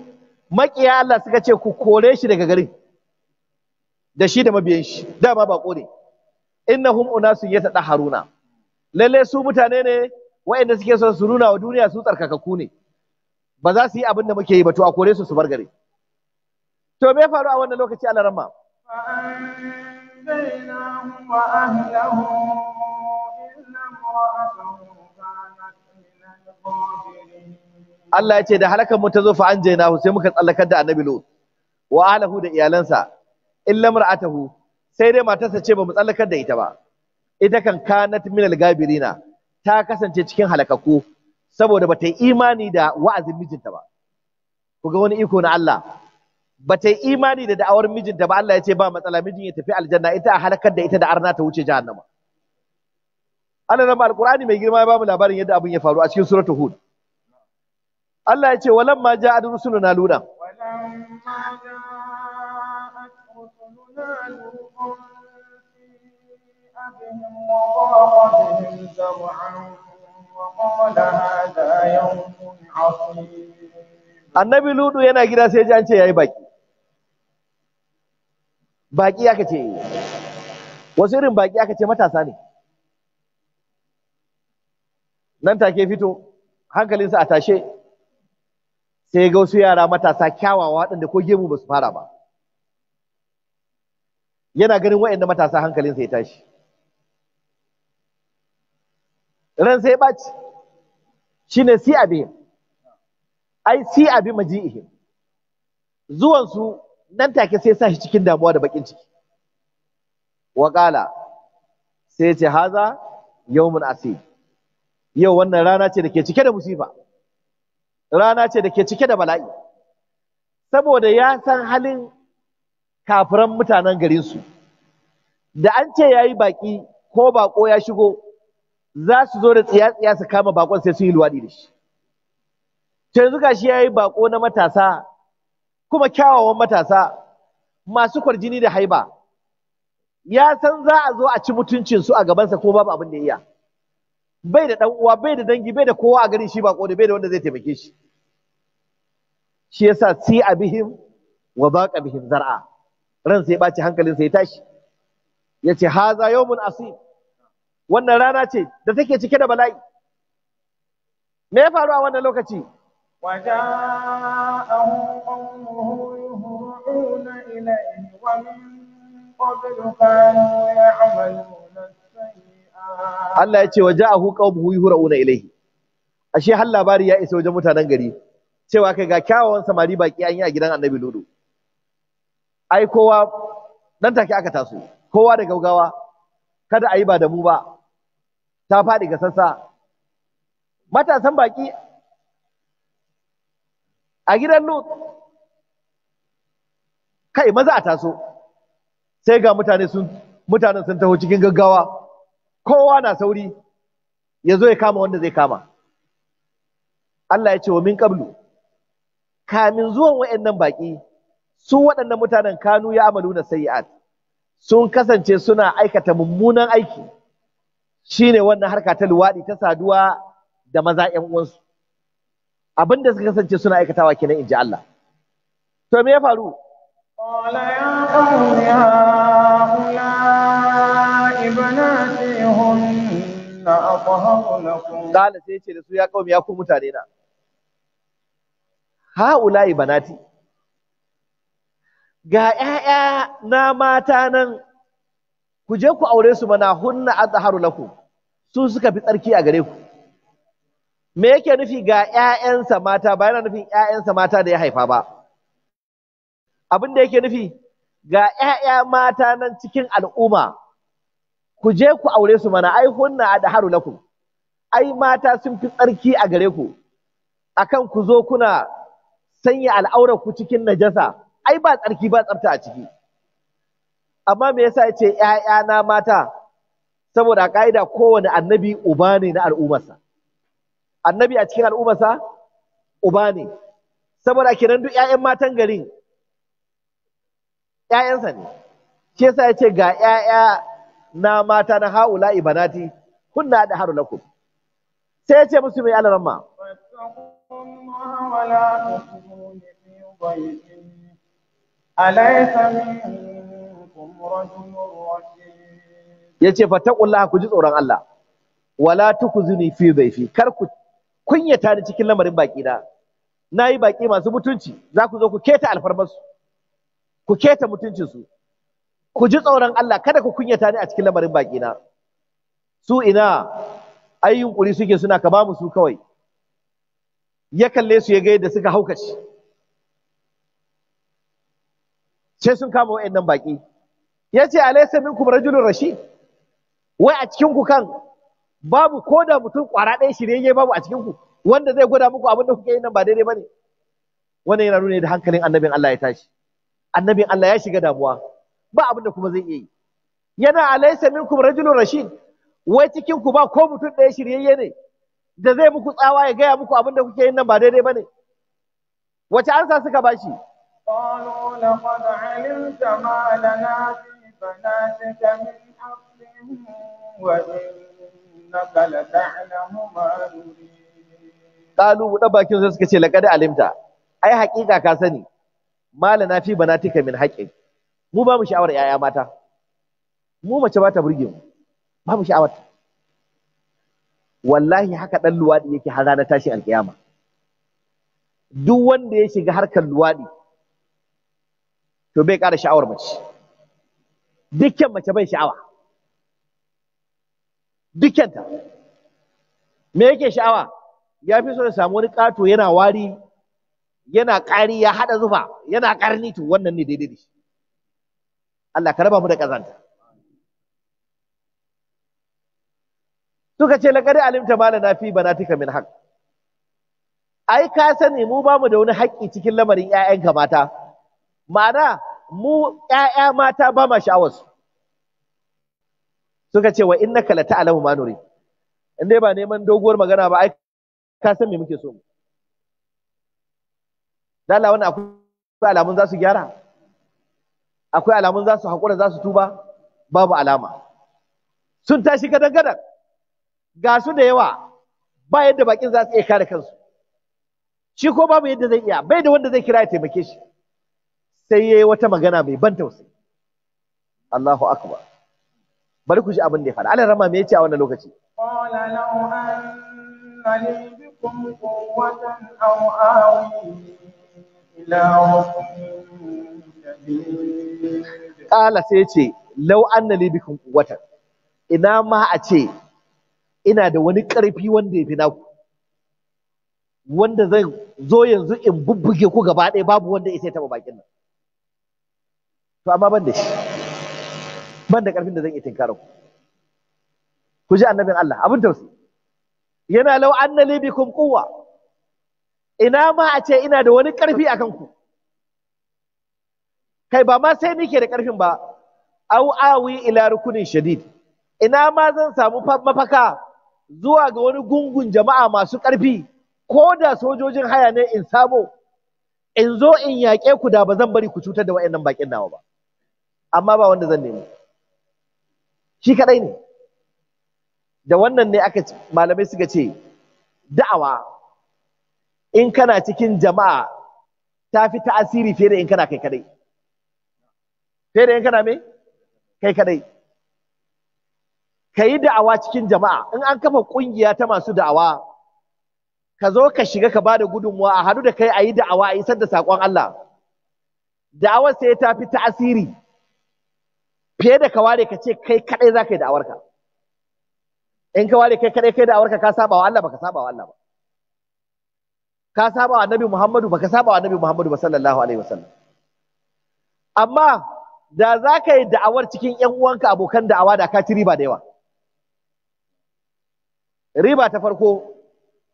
maƙiya Allah suka ce ku kore shi daga garin. da shi da mabiyan shi dama ba kore innahum unasun haruna. lalle su mutane ne waɗanda suke son su runa wa duniya su tsarkakakku ne ba za su yi abin da muke yi ba to a kore su su bar gari to me faru a wannan lokaci Allah ramma Allah ya ce da halakar mu ta zo fa an jaina sai muka tsallakar da annabi Lut wa da iyalansa illa mar'atahu sai dai matarsa ce ba mu tsallakar da ita ba ita kan kanat min al-gabirina ta kasance cikin halakaku saboda ba ta yi imani da wa'azin mijinta ba ku ga wani iko na Allah Ba ta yi imani da da'awar mijinta ba Allah ya ce ba matsala mijin ya tafi aljanna ita a halakar da ita da arna ta wuce jahannama Allah na alqur'ani mai girma ya ba mu labarin yadda abin ya faru a cikin suratul hud Allah ya ce walamma ja'a rusuluna luna walamma ja'a وضاق بهم زرعا وقال هذا يوم annabi ludu yana gida sai ji an ce yayi baki baki aka ce wasu irin baki aka ce matasa ne nan take fito hankalinsa a tashe sai ga wasu yara matasa kyawawa waɗanda ko gemu ba su fara ba yana ganin waɗanda matasa hankalinsa ya tashi ran sai ɓaci shine si abi ai si abi maji'ihim zuwan su nan take sai sa shi cikin damuwa da bakin ciki wa sai ya ce haza yawmun asib yau wannan rana ce da ke cike da musifa rana ce da ke cike da bala'i saboda ya san halin kafiran mutanen garinsu da an ce ya yi baƙi ko baƙo ya shigo za su zo da tsiya-tsiya su kama bakon sai sun yi luwaɗi da shi to yanzu gashi yayi bako na matasa kuma kyawawan matasa masu kwarjini da haiba ya san za a zo a ci mutuncin su a gabansa ko babu abin da ya iya bai da dan uwa bai da dangi bai da kowa a garin shi bako da bai da wanda zai taimake shi shi yasa si abihim wa baqa bihim zar'a ran ya ɓaci hankalin ya tashi yace haza yawmun asib wannan rana ce da take cike da bala'i me ya faru a wannan lokaci Allah ya ce wa ومن قبل كانوا يعملون ashe har labari ya isa wajen mutanen gari cewa kai ga kyawawan samari baki an yi a gidan annabi lulu ai kowa nan take aka taso kowa da gaugawa kada a yi ba da mu ba ta faɗi ga sassa matasan baƙi a gidan lut kai maza a taso sai ga mutane sun mutanen sun taho cikin gaggawa kowa na sauri ya zo ya kama wanda zai kama Allah ya ce wa min qablu kamin zuwan waɗannan baƙi su waɗannan mutanen kanu ya amalu na sayi'at sun kasance suna aikata mummunan aiki shine wannan harka ta luwaɗi ta saduwa da maza ƴan uwansu abin da suka kasance suna aikatawa kenan in ji Allah to me ya faru Ƙala sai ce da su ya qawmi ya ku mutane na haula banati. ga ‘ya'ya na mata nan ku je ku aure su mana hunna a tsaharu lakum su suka fi tsarki a gare ku me yake nufi ga ‘ya'yansa mata ba yana nufin ‘ya'yansa mata da ya haifa ba abin da yake nufi ga ‘ya'ya mata nan cikin al'umma ku je ku aure su mana ai hunna a tsaharu lakum ai mata sun fi tsarki a gare ku akan ku zo kuna sanya al'aurar ku cikin najasa ai ba tsarki ba tsafta a ciki amma me yasa yace na mata saboda ka'ida kowane annabi uba ne na al'ummarsa annabi a cikin al'ummarsa uba ne saboda kenan duk ƴaƴan matan garin ƴaƴansa ne shi yasa yace ga ƴaƴa na mata na haula ibanati kunna da haru lakum sai yace musu mai alaramma ولا تخزوني في ضيفي أليس منكم رجل رشيد يجي فتقوا الله كجزء عن الله ولا تخزني في ضيفي كركو kunyata ni cikin lamarin baki na yi baƙi masu mutunci za ku zo ku keta alfarmarsu ku keta mutuncinsu ku ji tsoron Allah kada ku kunyata ni a cikin lamarin baki na su ina ai yunkuri suke suna ka ba su kawai ya kalle su ya ga yadda suka haukace sai sun kama baƙi. ce baki yace min kuma rajulun rashi. wai a cikin ku kan babu ko da mutum ƙwara ɗaya shiryayye babu a cikin ku wanda zai gwada muku abin da kuke yi nan ba daidai ba ne. wannan yana nuna da hankalin annabin Allah ya tashi annabin Allah ya shiga damuwa ba abin da kuma zai iya yi yana min kuma rajulun rashi. wai cikin ku ba ko mutum ɗaya shiryayye ne da zai muku tsawa ya gaya muku abin da kuke yin nan ba daidai ba ne? wace ansa suka bashi قالوا لقد علمت ما لنا في بناتك من حق وإنك لتعلم ما نريد قالوا buɗe bakin sai suka ce laqad alimta ai haƙiƙa ka sani malana fi banatika min haqqin mu ba mu sha'awar yaya mata mu mace ba ta burge mu ba mu sha'awar wallahi haka dan luwadi yake har ranar tashi alkiyama duk wanda ya shiga harkar luwadi to bai ƙara sha'awar mace dukkan mace bai sha'awa dukkanta me yake sha'awa ya fi so ya samu wani ƙato yana wari yana ƙari ya haɗa zufa yana ƙarni to wannan ne daidai Allah ka raba mu da ƙazanta suka ce laqad alimta ma na fi tuka min haqq ai ka sani mu ba mu da wani haƙƙi cikin lamarin 'ya'yanka mata ma'ana mu ƴaƴa mata ba ma sha'awar su suka ce wa inna la ta'lamu alamu manuri in dai ba neman doguwar magana ba ai ka san me muke so dala wannan akwai alamun za su gyara akwai alamun za su hakura za su tuba babu alama sun tashi gadan gadan ga su da yawa ba yadda bakin za su iya kare kansu shi ko babu yadda zai iya bai da wanda zai kira ya taimake shi sai yayi wata magana mai ban tausayi Allahu akbar bari ku ji abin da ya faɗa Allah rama me yace a wannan lokaci Kala sai ya ce, Lau an na awi ila ina ma a ce ina da wani ƙarfi wanda ya fi naku wanda zai zo yanzu in bubbuge ku gaba ɗaya babu wanda ya sai taɓa bakin nan to amma ban da shi ban da karfin da zan iya tinkarar ku ku ji annabin Allah abin tausi. yana lau anna li bikum quwwa ina ma a ce ina da wani karfi akan ku kai ba ma sai nike da karfin ba au awi ila rukunin shadid ina ma zan samu mafaka zuwa ga wani gungun jama'a masu karfi ko da sojojin haya ne in samo in zo in yaƙe ku da ba zan bari ku cutar da waɗannan baƙin nawa ba amma ba wanda zan nemo shi kadai ne da wannan ne aka malamai suka ce da'awa in kana cikin jama'a ta fi ta'asiri fiye da in kana kai kadai fiye da in kana me kai kadai ka yi da'awa cikin jama'a in an kafa kungiya ta masu da'awa ka zo ka shiga ka bada gudunmuwa a hadu da kai a yi da'awa a isar da saƙon Allah da'awar sai ta fi ta'asiri fiye da ka ware ka ce kai kadai za ka yi da'awarka in ka ware kai kadai kai da'awarka ka saba wa Allah ba ka saba wa Allah ba ka saba wa Annabi Muhammadu ba ka saba wa Annabi Muhammadu ba sallallahu alaihi wasallam amma da za ka yi da'awar cikin yan'uwanka uwanka abokan da'awa da ka ci riba da yawa riba ta farko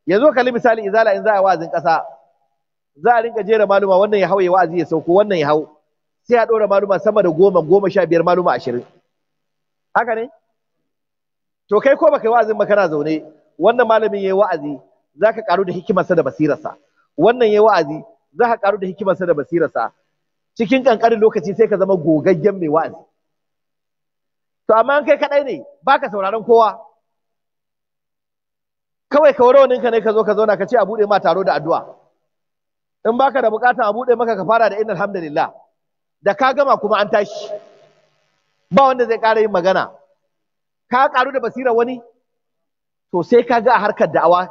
yanzu kalli misali izala in za a wa'azin ƙasa, za a rinka jera maluma wannan ya hau ya wa'azi ya sauko wannan ya hau sai a ɗora maluma sama da goma goma sha biyar maluma ashirin haka ne to kai ko baka yi wa'azin ba kana zaune wannan malamin yayi wa'azi zaka karu da hikimarsa da basirarsa wannan yayi wa'azi zaka karu da hikimarsa da basirarsa cikin kankarin lokaci sai ka zama gogaggen mai wa'azi to amma kai kadai ne baka sauraron kowa kawai ka rawanin ka ne ka zo ka zauna ka ce a bude ma taro da addu'a in baka da bukata a bude maka ka fara da innal alhamdulillah da ka gama kuma an tashi ba wanda zai ƙara yin magana ka ƙaru da basira wani to sai ka ga a harkar da'awa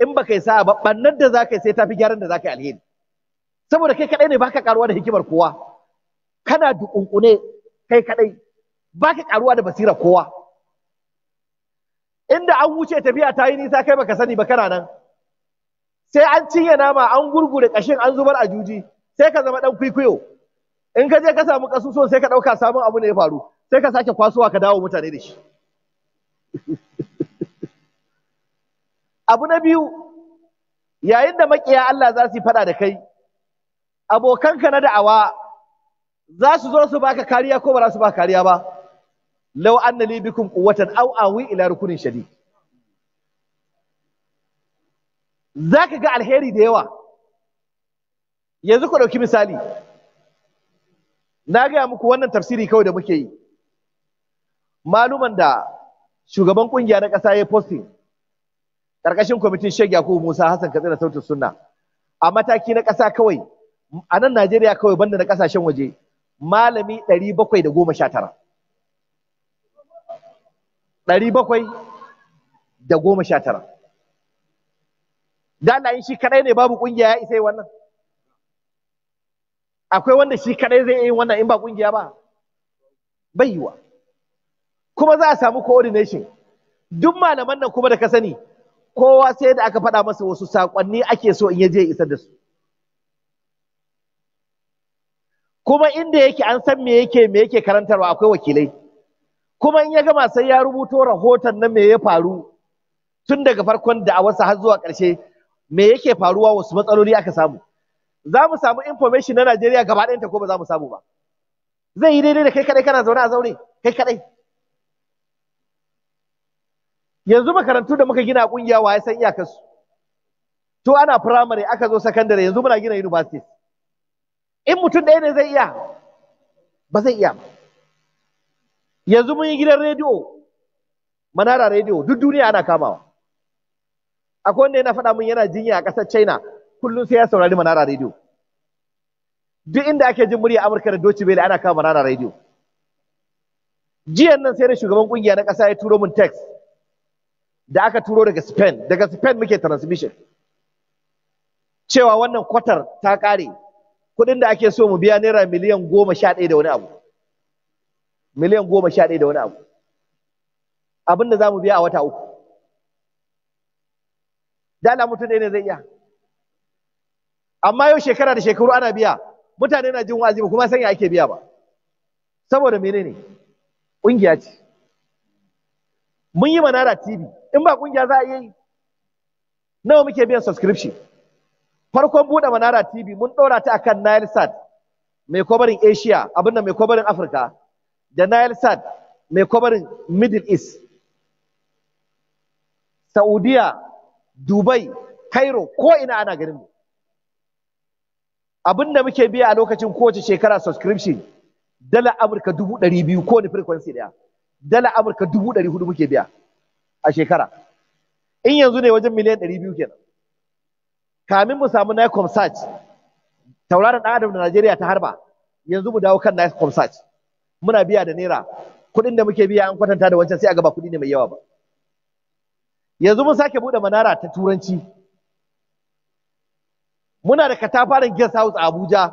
in ba kai sa'a ba bannan da za ka yi sai tafi gyaran da za ka yi alheri saboda kai kaɗai ne ba ka ƙaruwa da hikimar kowa kana dukunkune kai kaɗai ba ka ƙaruwa da basira kowa inda an wuce tafiya ta yi nisa kai baka sani ba kana nan sai an cinye nama an gurgure ƙashin an zubar a juji sai ka zama ɗan kwikwiyo in ka je ka samu kasusuwan sai ka ɗauka sabon abu ne ya faru sai ka sake kwasuwa ka dawo mutane da shi abu na biyu yayin da makiya Allah za su yi faɗa da kai abokanka na da'awa za su zo su baka kariya ko ba za su baka kariya ba law anna li bikum quwwatan aw awi ila rukunin shadid zaka ga alheri da yawa yanzu ku dauki misali na gaya muku wannan tafsiri kawai da muke yi maluman da shugaban kungiya na ƙasa ya posting ƙarƙashin kwamitin shagya ko Musa Hassan Katsina Sautin Sunna a mataki na ƙasa kawai a nan Najeriya kawai banda na ƙasashen waje malami ɗari bakwai da goma goma sha sha tara. tara. Ɗari bakwai da Da Allah shi kaɗai ne babu kungiya ya isa wannan akwai wanda shi kadai zai yi wannan in ba kungiya ba bai yiwa kuma za a samu coordination duk malaman nan kuma da ka sani kowa sai da aka faɗa masa wasu sakonni ake so in ya je isar da su kuma inda yake an san me yake me yake karantarwa akwai wakilai kuma in ya gama sai ya rubuto rahoton na me ya faru tun daga farkon da a wasu har zuwa ƙarshe me yake faruwa wasu matsaloli aka samu za mu samu information na Najeriya gaba ɗayanta ko ba za mu samu ba zai yi daidai da kai kadai kana zaune a zaune kai kadai yanzu makarantu da muka gina kungiya wa ya san iyakarsu to ana primary aka zo secondary yanzu muna gina university in mutum ɗaya ne zai iya ba zai iya yanzu mun yi gidan rediyo manara rediyo duk duniya ana kamawa akwai wanda yana faɗa mun yana jinya a ƙasar china kullum sai ya saurari manara radio duk inda ake jin murya Amurka da doci Welle ana kawo manara radio jiyan nan sai da shugaban kungiya na ƙasa ya turo mun text da aka turo daga Spain daga Spain muke transmission cewa wannan kwatar ta ƙare kuɗin da ake so mu biya naira miliyan goma sha ɗaya da wani abu miliyan goma sha ɗaya da wani abu abin da za mu biya a wata uku dala mutum ɗaya ne zai iya amma yau shekara da shekaru ana biya mutane na jin wa'azi ba kuma sanya ake biya ba saboda menene ƙungiya ce mun yi manara tv in ba ƙungiya za a yi nawa muke biyan subscription farkon buɗe manara tv mun ɗora ta akan Sad mai kwabarin asia abinda mai kwabarin afirka da Nile Sad mai kwabarin middle east saudiya dubai cairo ko ina ana ganin mu abin da muke biya a lokacin kowace shekara subscription dala amurka dubu ɗari biyu kowane frequency ɗaya dala amurka dubu ɗari hudu muke biya a shekara in yanzu ne wajen miliyan ɗari biyu kenan kamin mu samu nicom search tauraron ɗan adam da najeriya ta harba yanzu mu dawo kan nicom search muna biya da naira kuɗin da muke biya an kwatanta da wancan sai a gaba kuɗi ne mai yawa ba yanzu mun sake buɗe manara ta turanci muna da katafaren guest house a Abuja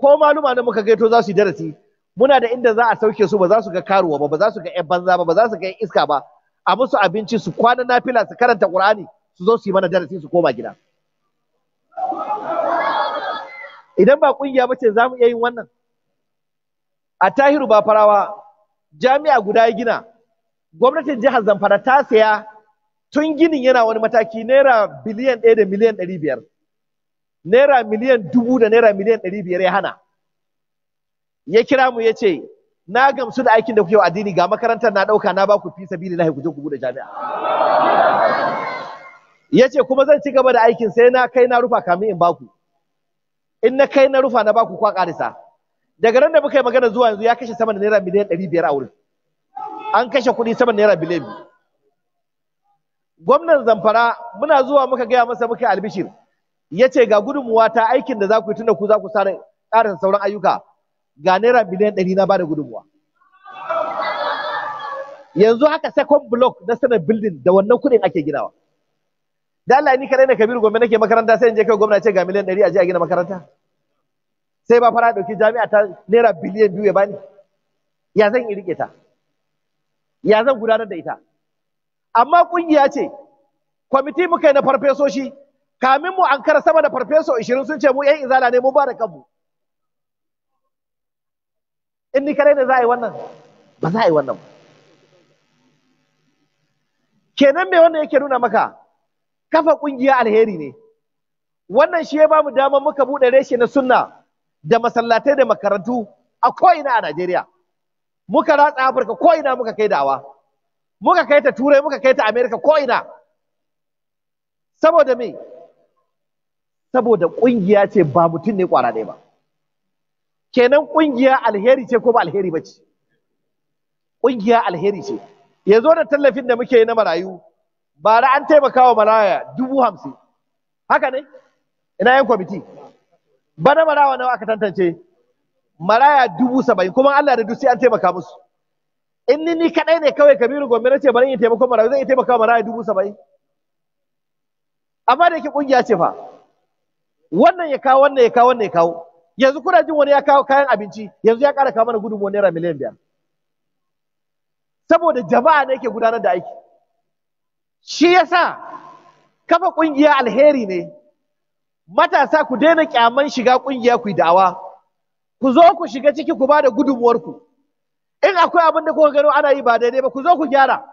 ko maluma da muka gaito za su yi darasi muna da inda za a sauke su ba za su ga karuwa ba ba za su ga yan banza ba ba za su ga iska ba a musu abinci su kwana nafila su karanta Qur'ani su zo su yi mana darasi su koma gida idan ba kungiya bace za mu iya yin wannan a Tahiru ba farawa jami'a guda ya gina gwamnatin jihar Zamfara ta saya tun ginin yana wani mataki naira biliyan ɗaya da miliyan ɗari biyar naira miliyan dubu da naira miliyan ɗari biyar ya hana ya kira mu ya ce na gamsu da aikin da kuke wa addini ga makarantar na ɗauka na ba ku fi sabili na ku je ku bude jami'a ya ce kuma zan ci gaba da aikin sai na kai na rufa kamin in baku in na kai na rufa na baku kwa ƙarisa daga ran da muka yi magana zuwa yanzu ya kashe sama da naira miliyan ɗari biyar a wurin an kashe kuɗi sama da naira biliyan biyu gwamnan zamfara muna zuwa muka gaya masa muka albishir ya ce ga gudunmuwa ta aikin da za ku yi da ku za ku ƙarin sauran ayyuka ga naira miliyan ɗari na bada gudunmuwa yanzu haka second block na sanar building da wannan kuɗin ake ginawa da Allah ni kadai na Kabiru Gombe nake makaranta sai in je kai gwamna ce ga miliyan ɗari a je a gina makaranta sai ba fara ɗauki jami'a ta naira biliyan biyu ya bani ya zan yi riƙe ta ya zan gudanar da ita amma ƙungiya ce kwamiti muka yi na farfesoshi kamin mu kara sama da farfeso 20 sun ce mu yan izala ne mu ba da kanmu in ni kare ne za a yi wannan ba za a yi wannan kenan me wannan yake nuna maka kafa kungiya alheri ne wannan shi ya ba mu dama muka bude reshe na sunna da masallatai da makarantu a ko'ina a Najeriya muka ratsa Afirka ko'ina muka kai dawa muka kai ta Turai muka kai ta Amerika ko'ina saboda me saboda ƙungiya ce ba mutum ne ƙwara ɗaya ba kenan ƙungiya alheri ce ko ba alheri ba ce ƙungiya alheri ce ya zo da tallafin da muke yi na marayu Ba da an taimaka wa maraya dubu hamsin haka ne ina yan kwamiti bana marawa nawa aka tantance maraya dubu saba'in kuma Allah da sai an taimaka musu in ni ni kaɗai ne kawai kabiru gombe na ce bari in taimako marayu zai taimaka maraya dubu saba'in amma da yake ƙungiya ce fa wannan ya kawo wannan ya kawo wannan ya kawo yanzu kuna jin wani ya kawo kayan abinci yanzu ya kara kawo mana gudunmuwa naira miliyan biyar saboda jama'a ne yake gudanar da aiki shi yasa kafa ƙungiya alheri ne matasa ku daina kyaman shiga ƙungiya ku yi da'awa ku zo ku shiga ciki ku bada gudunmuwarku in akwai abin da kuka gano ana yi ba daidai ba ku zo ku gyara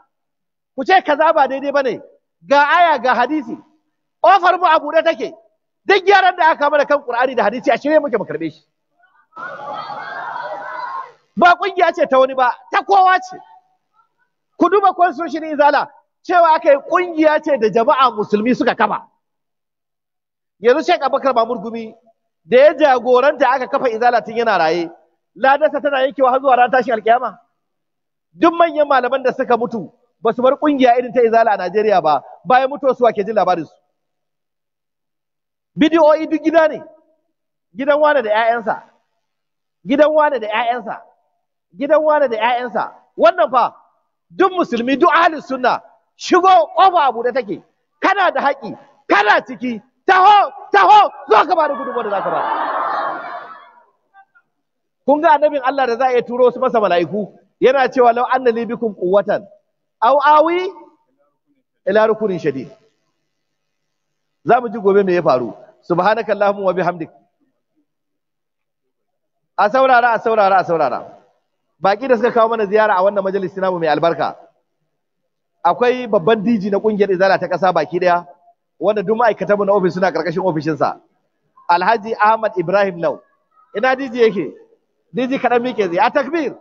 ku ce kaza ba daidai ba ne ga aya ga hadisi ofar mu a buɗe take duk gyaran da aka mana kan Qur'ani da hadisi a shirye muke mu karbe shi ba kungiya ce ta wani ba ta kowa ce ku duba constitution izala cewa aka yi kungiya ce da jama'a musulmi suka kafa yanzu Sheikh Abubakar Mamur Gumi da ya jagoranta aka kafa izala tun yana raye ladarsa tana yankewa har zuwa ran tashin alkiyama duk manyan malaman da suka mutu ba su bar kungiya irin ta izala a Najeriya ba bayan mutuwa su ke jin labarin su bidiyoyi duk gida ne gidan wane da 'ya'yansa gidan wane da 'ya'yansa gidan wane da 'ya'yansa wannan fa duk musulmi duk ahlus sunna shigo kofa abu da take kana da haƙi kana ciki taho taho zo ka ba da gudunmawar da zaka ba kun ga annabin Allah da za a iya turo su masa mala'iku yana cewa law anna li bikum quwwatan aw awi ila rukunin shadid za mu ji gobe me ya faru subhanaka allahumma wa bihamdik a saurara a saurara a saurara baki da suka kawo mana ziyara a wannan majalisi namu mai albarka akwai babban diji na kungiyar izala ta kasa baki daya wanda duk ma'aikatan mu na ofis suna karkashin ofishinsa Alhaji Ahmad Ibrahim Lau ina diji yake diji kaɗan mike zai a takbir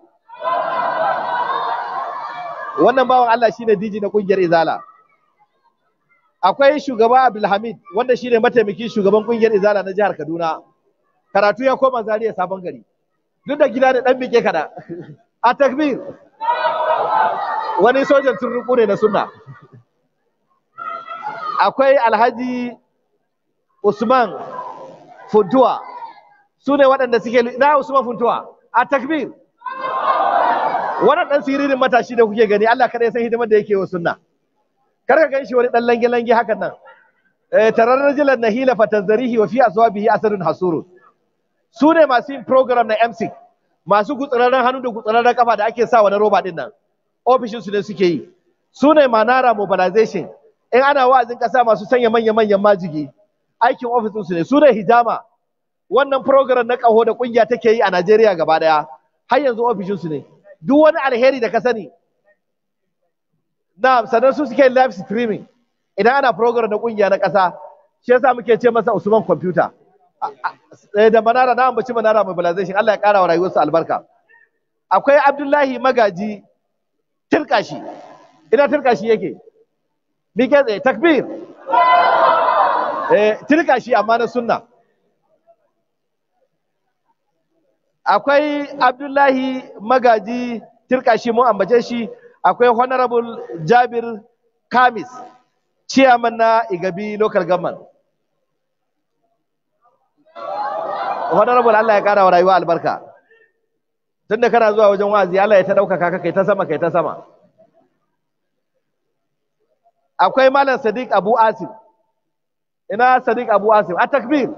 wannan bawan Allah shine diji na kungiyar izala akwai shugaba Abdulhamid wanda shi ne mataimakin shugaban kungiyar Izala na jihar Kaduna karatu ya koma Zaria sabon gari duk da gida da dan bike kada a takbir wani sojan ruku ne na sunna akwai Alhaji Usman Funtuwa su ne waɗanda suke na Usman Funtuwa a takbir wannan dan siririn matashi da kuke gani Allah kada ya san hidimar da yake wa sunna kar ka ganshi wani dan lange lange hakan nan eh tarar rajulan nahila fatazarihi wa fi aswabihi asadun hasurun su ne masu yin program na MC masu gutsararren hannu da gutsararren kafa da ake sawa na roba din nan ofishin su ne suke yi su ne manara mobilization in ana wa'azin kasa masu sanya manya manyan majigi aikin ofisin su ne su ne hijama wannan program na kaho da kungiya take yi a Najeriya gaba daya har yanzu ofishin su ne duk wani alheri da ka sani na sannan su suke live streaming idan ana program na kungiya na ƙasa shi yasa muke ce masa usman computer eh, da manara na ambaci manara mobilization Allah ya ƙara wa rayuwarsa albarka akwai abdullahi magaji tilkashi ina tilkashi yake mike tsaye eh, takbir eh tilkashi amma na sunna akwai abdullahi magaji tilkashi mun ambace shi akwai honorable jabir kamis chairman na igabi local government honorable Allah ya kara wa rayuwa albarka tunda kana zuwa wajen wa'azi Allah ya ta ɗaukaka ka kai ta sama kai ta sama akwai malam sadiq abu asim ina sadiq abu asim a takbir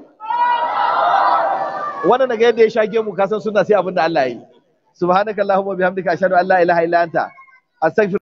wannan daga yadda ya shage mu kasan suna sai abin da Allah ya yi subhanakallahumma bihamdika ashhadu an la ilaha illa anta I Aceito.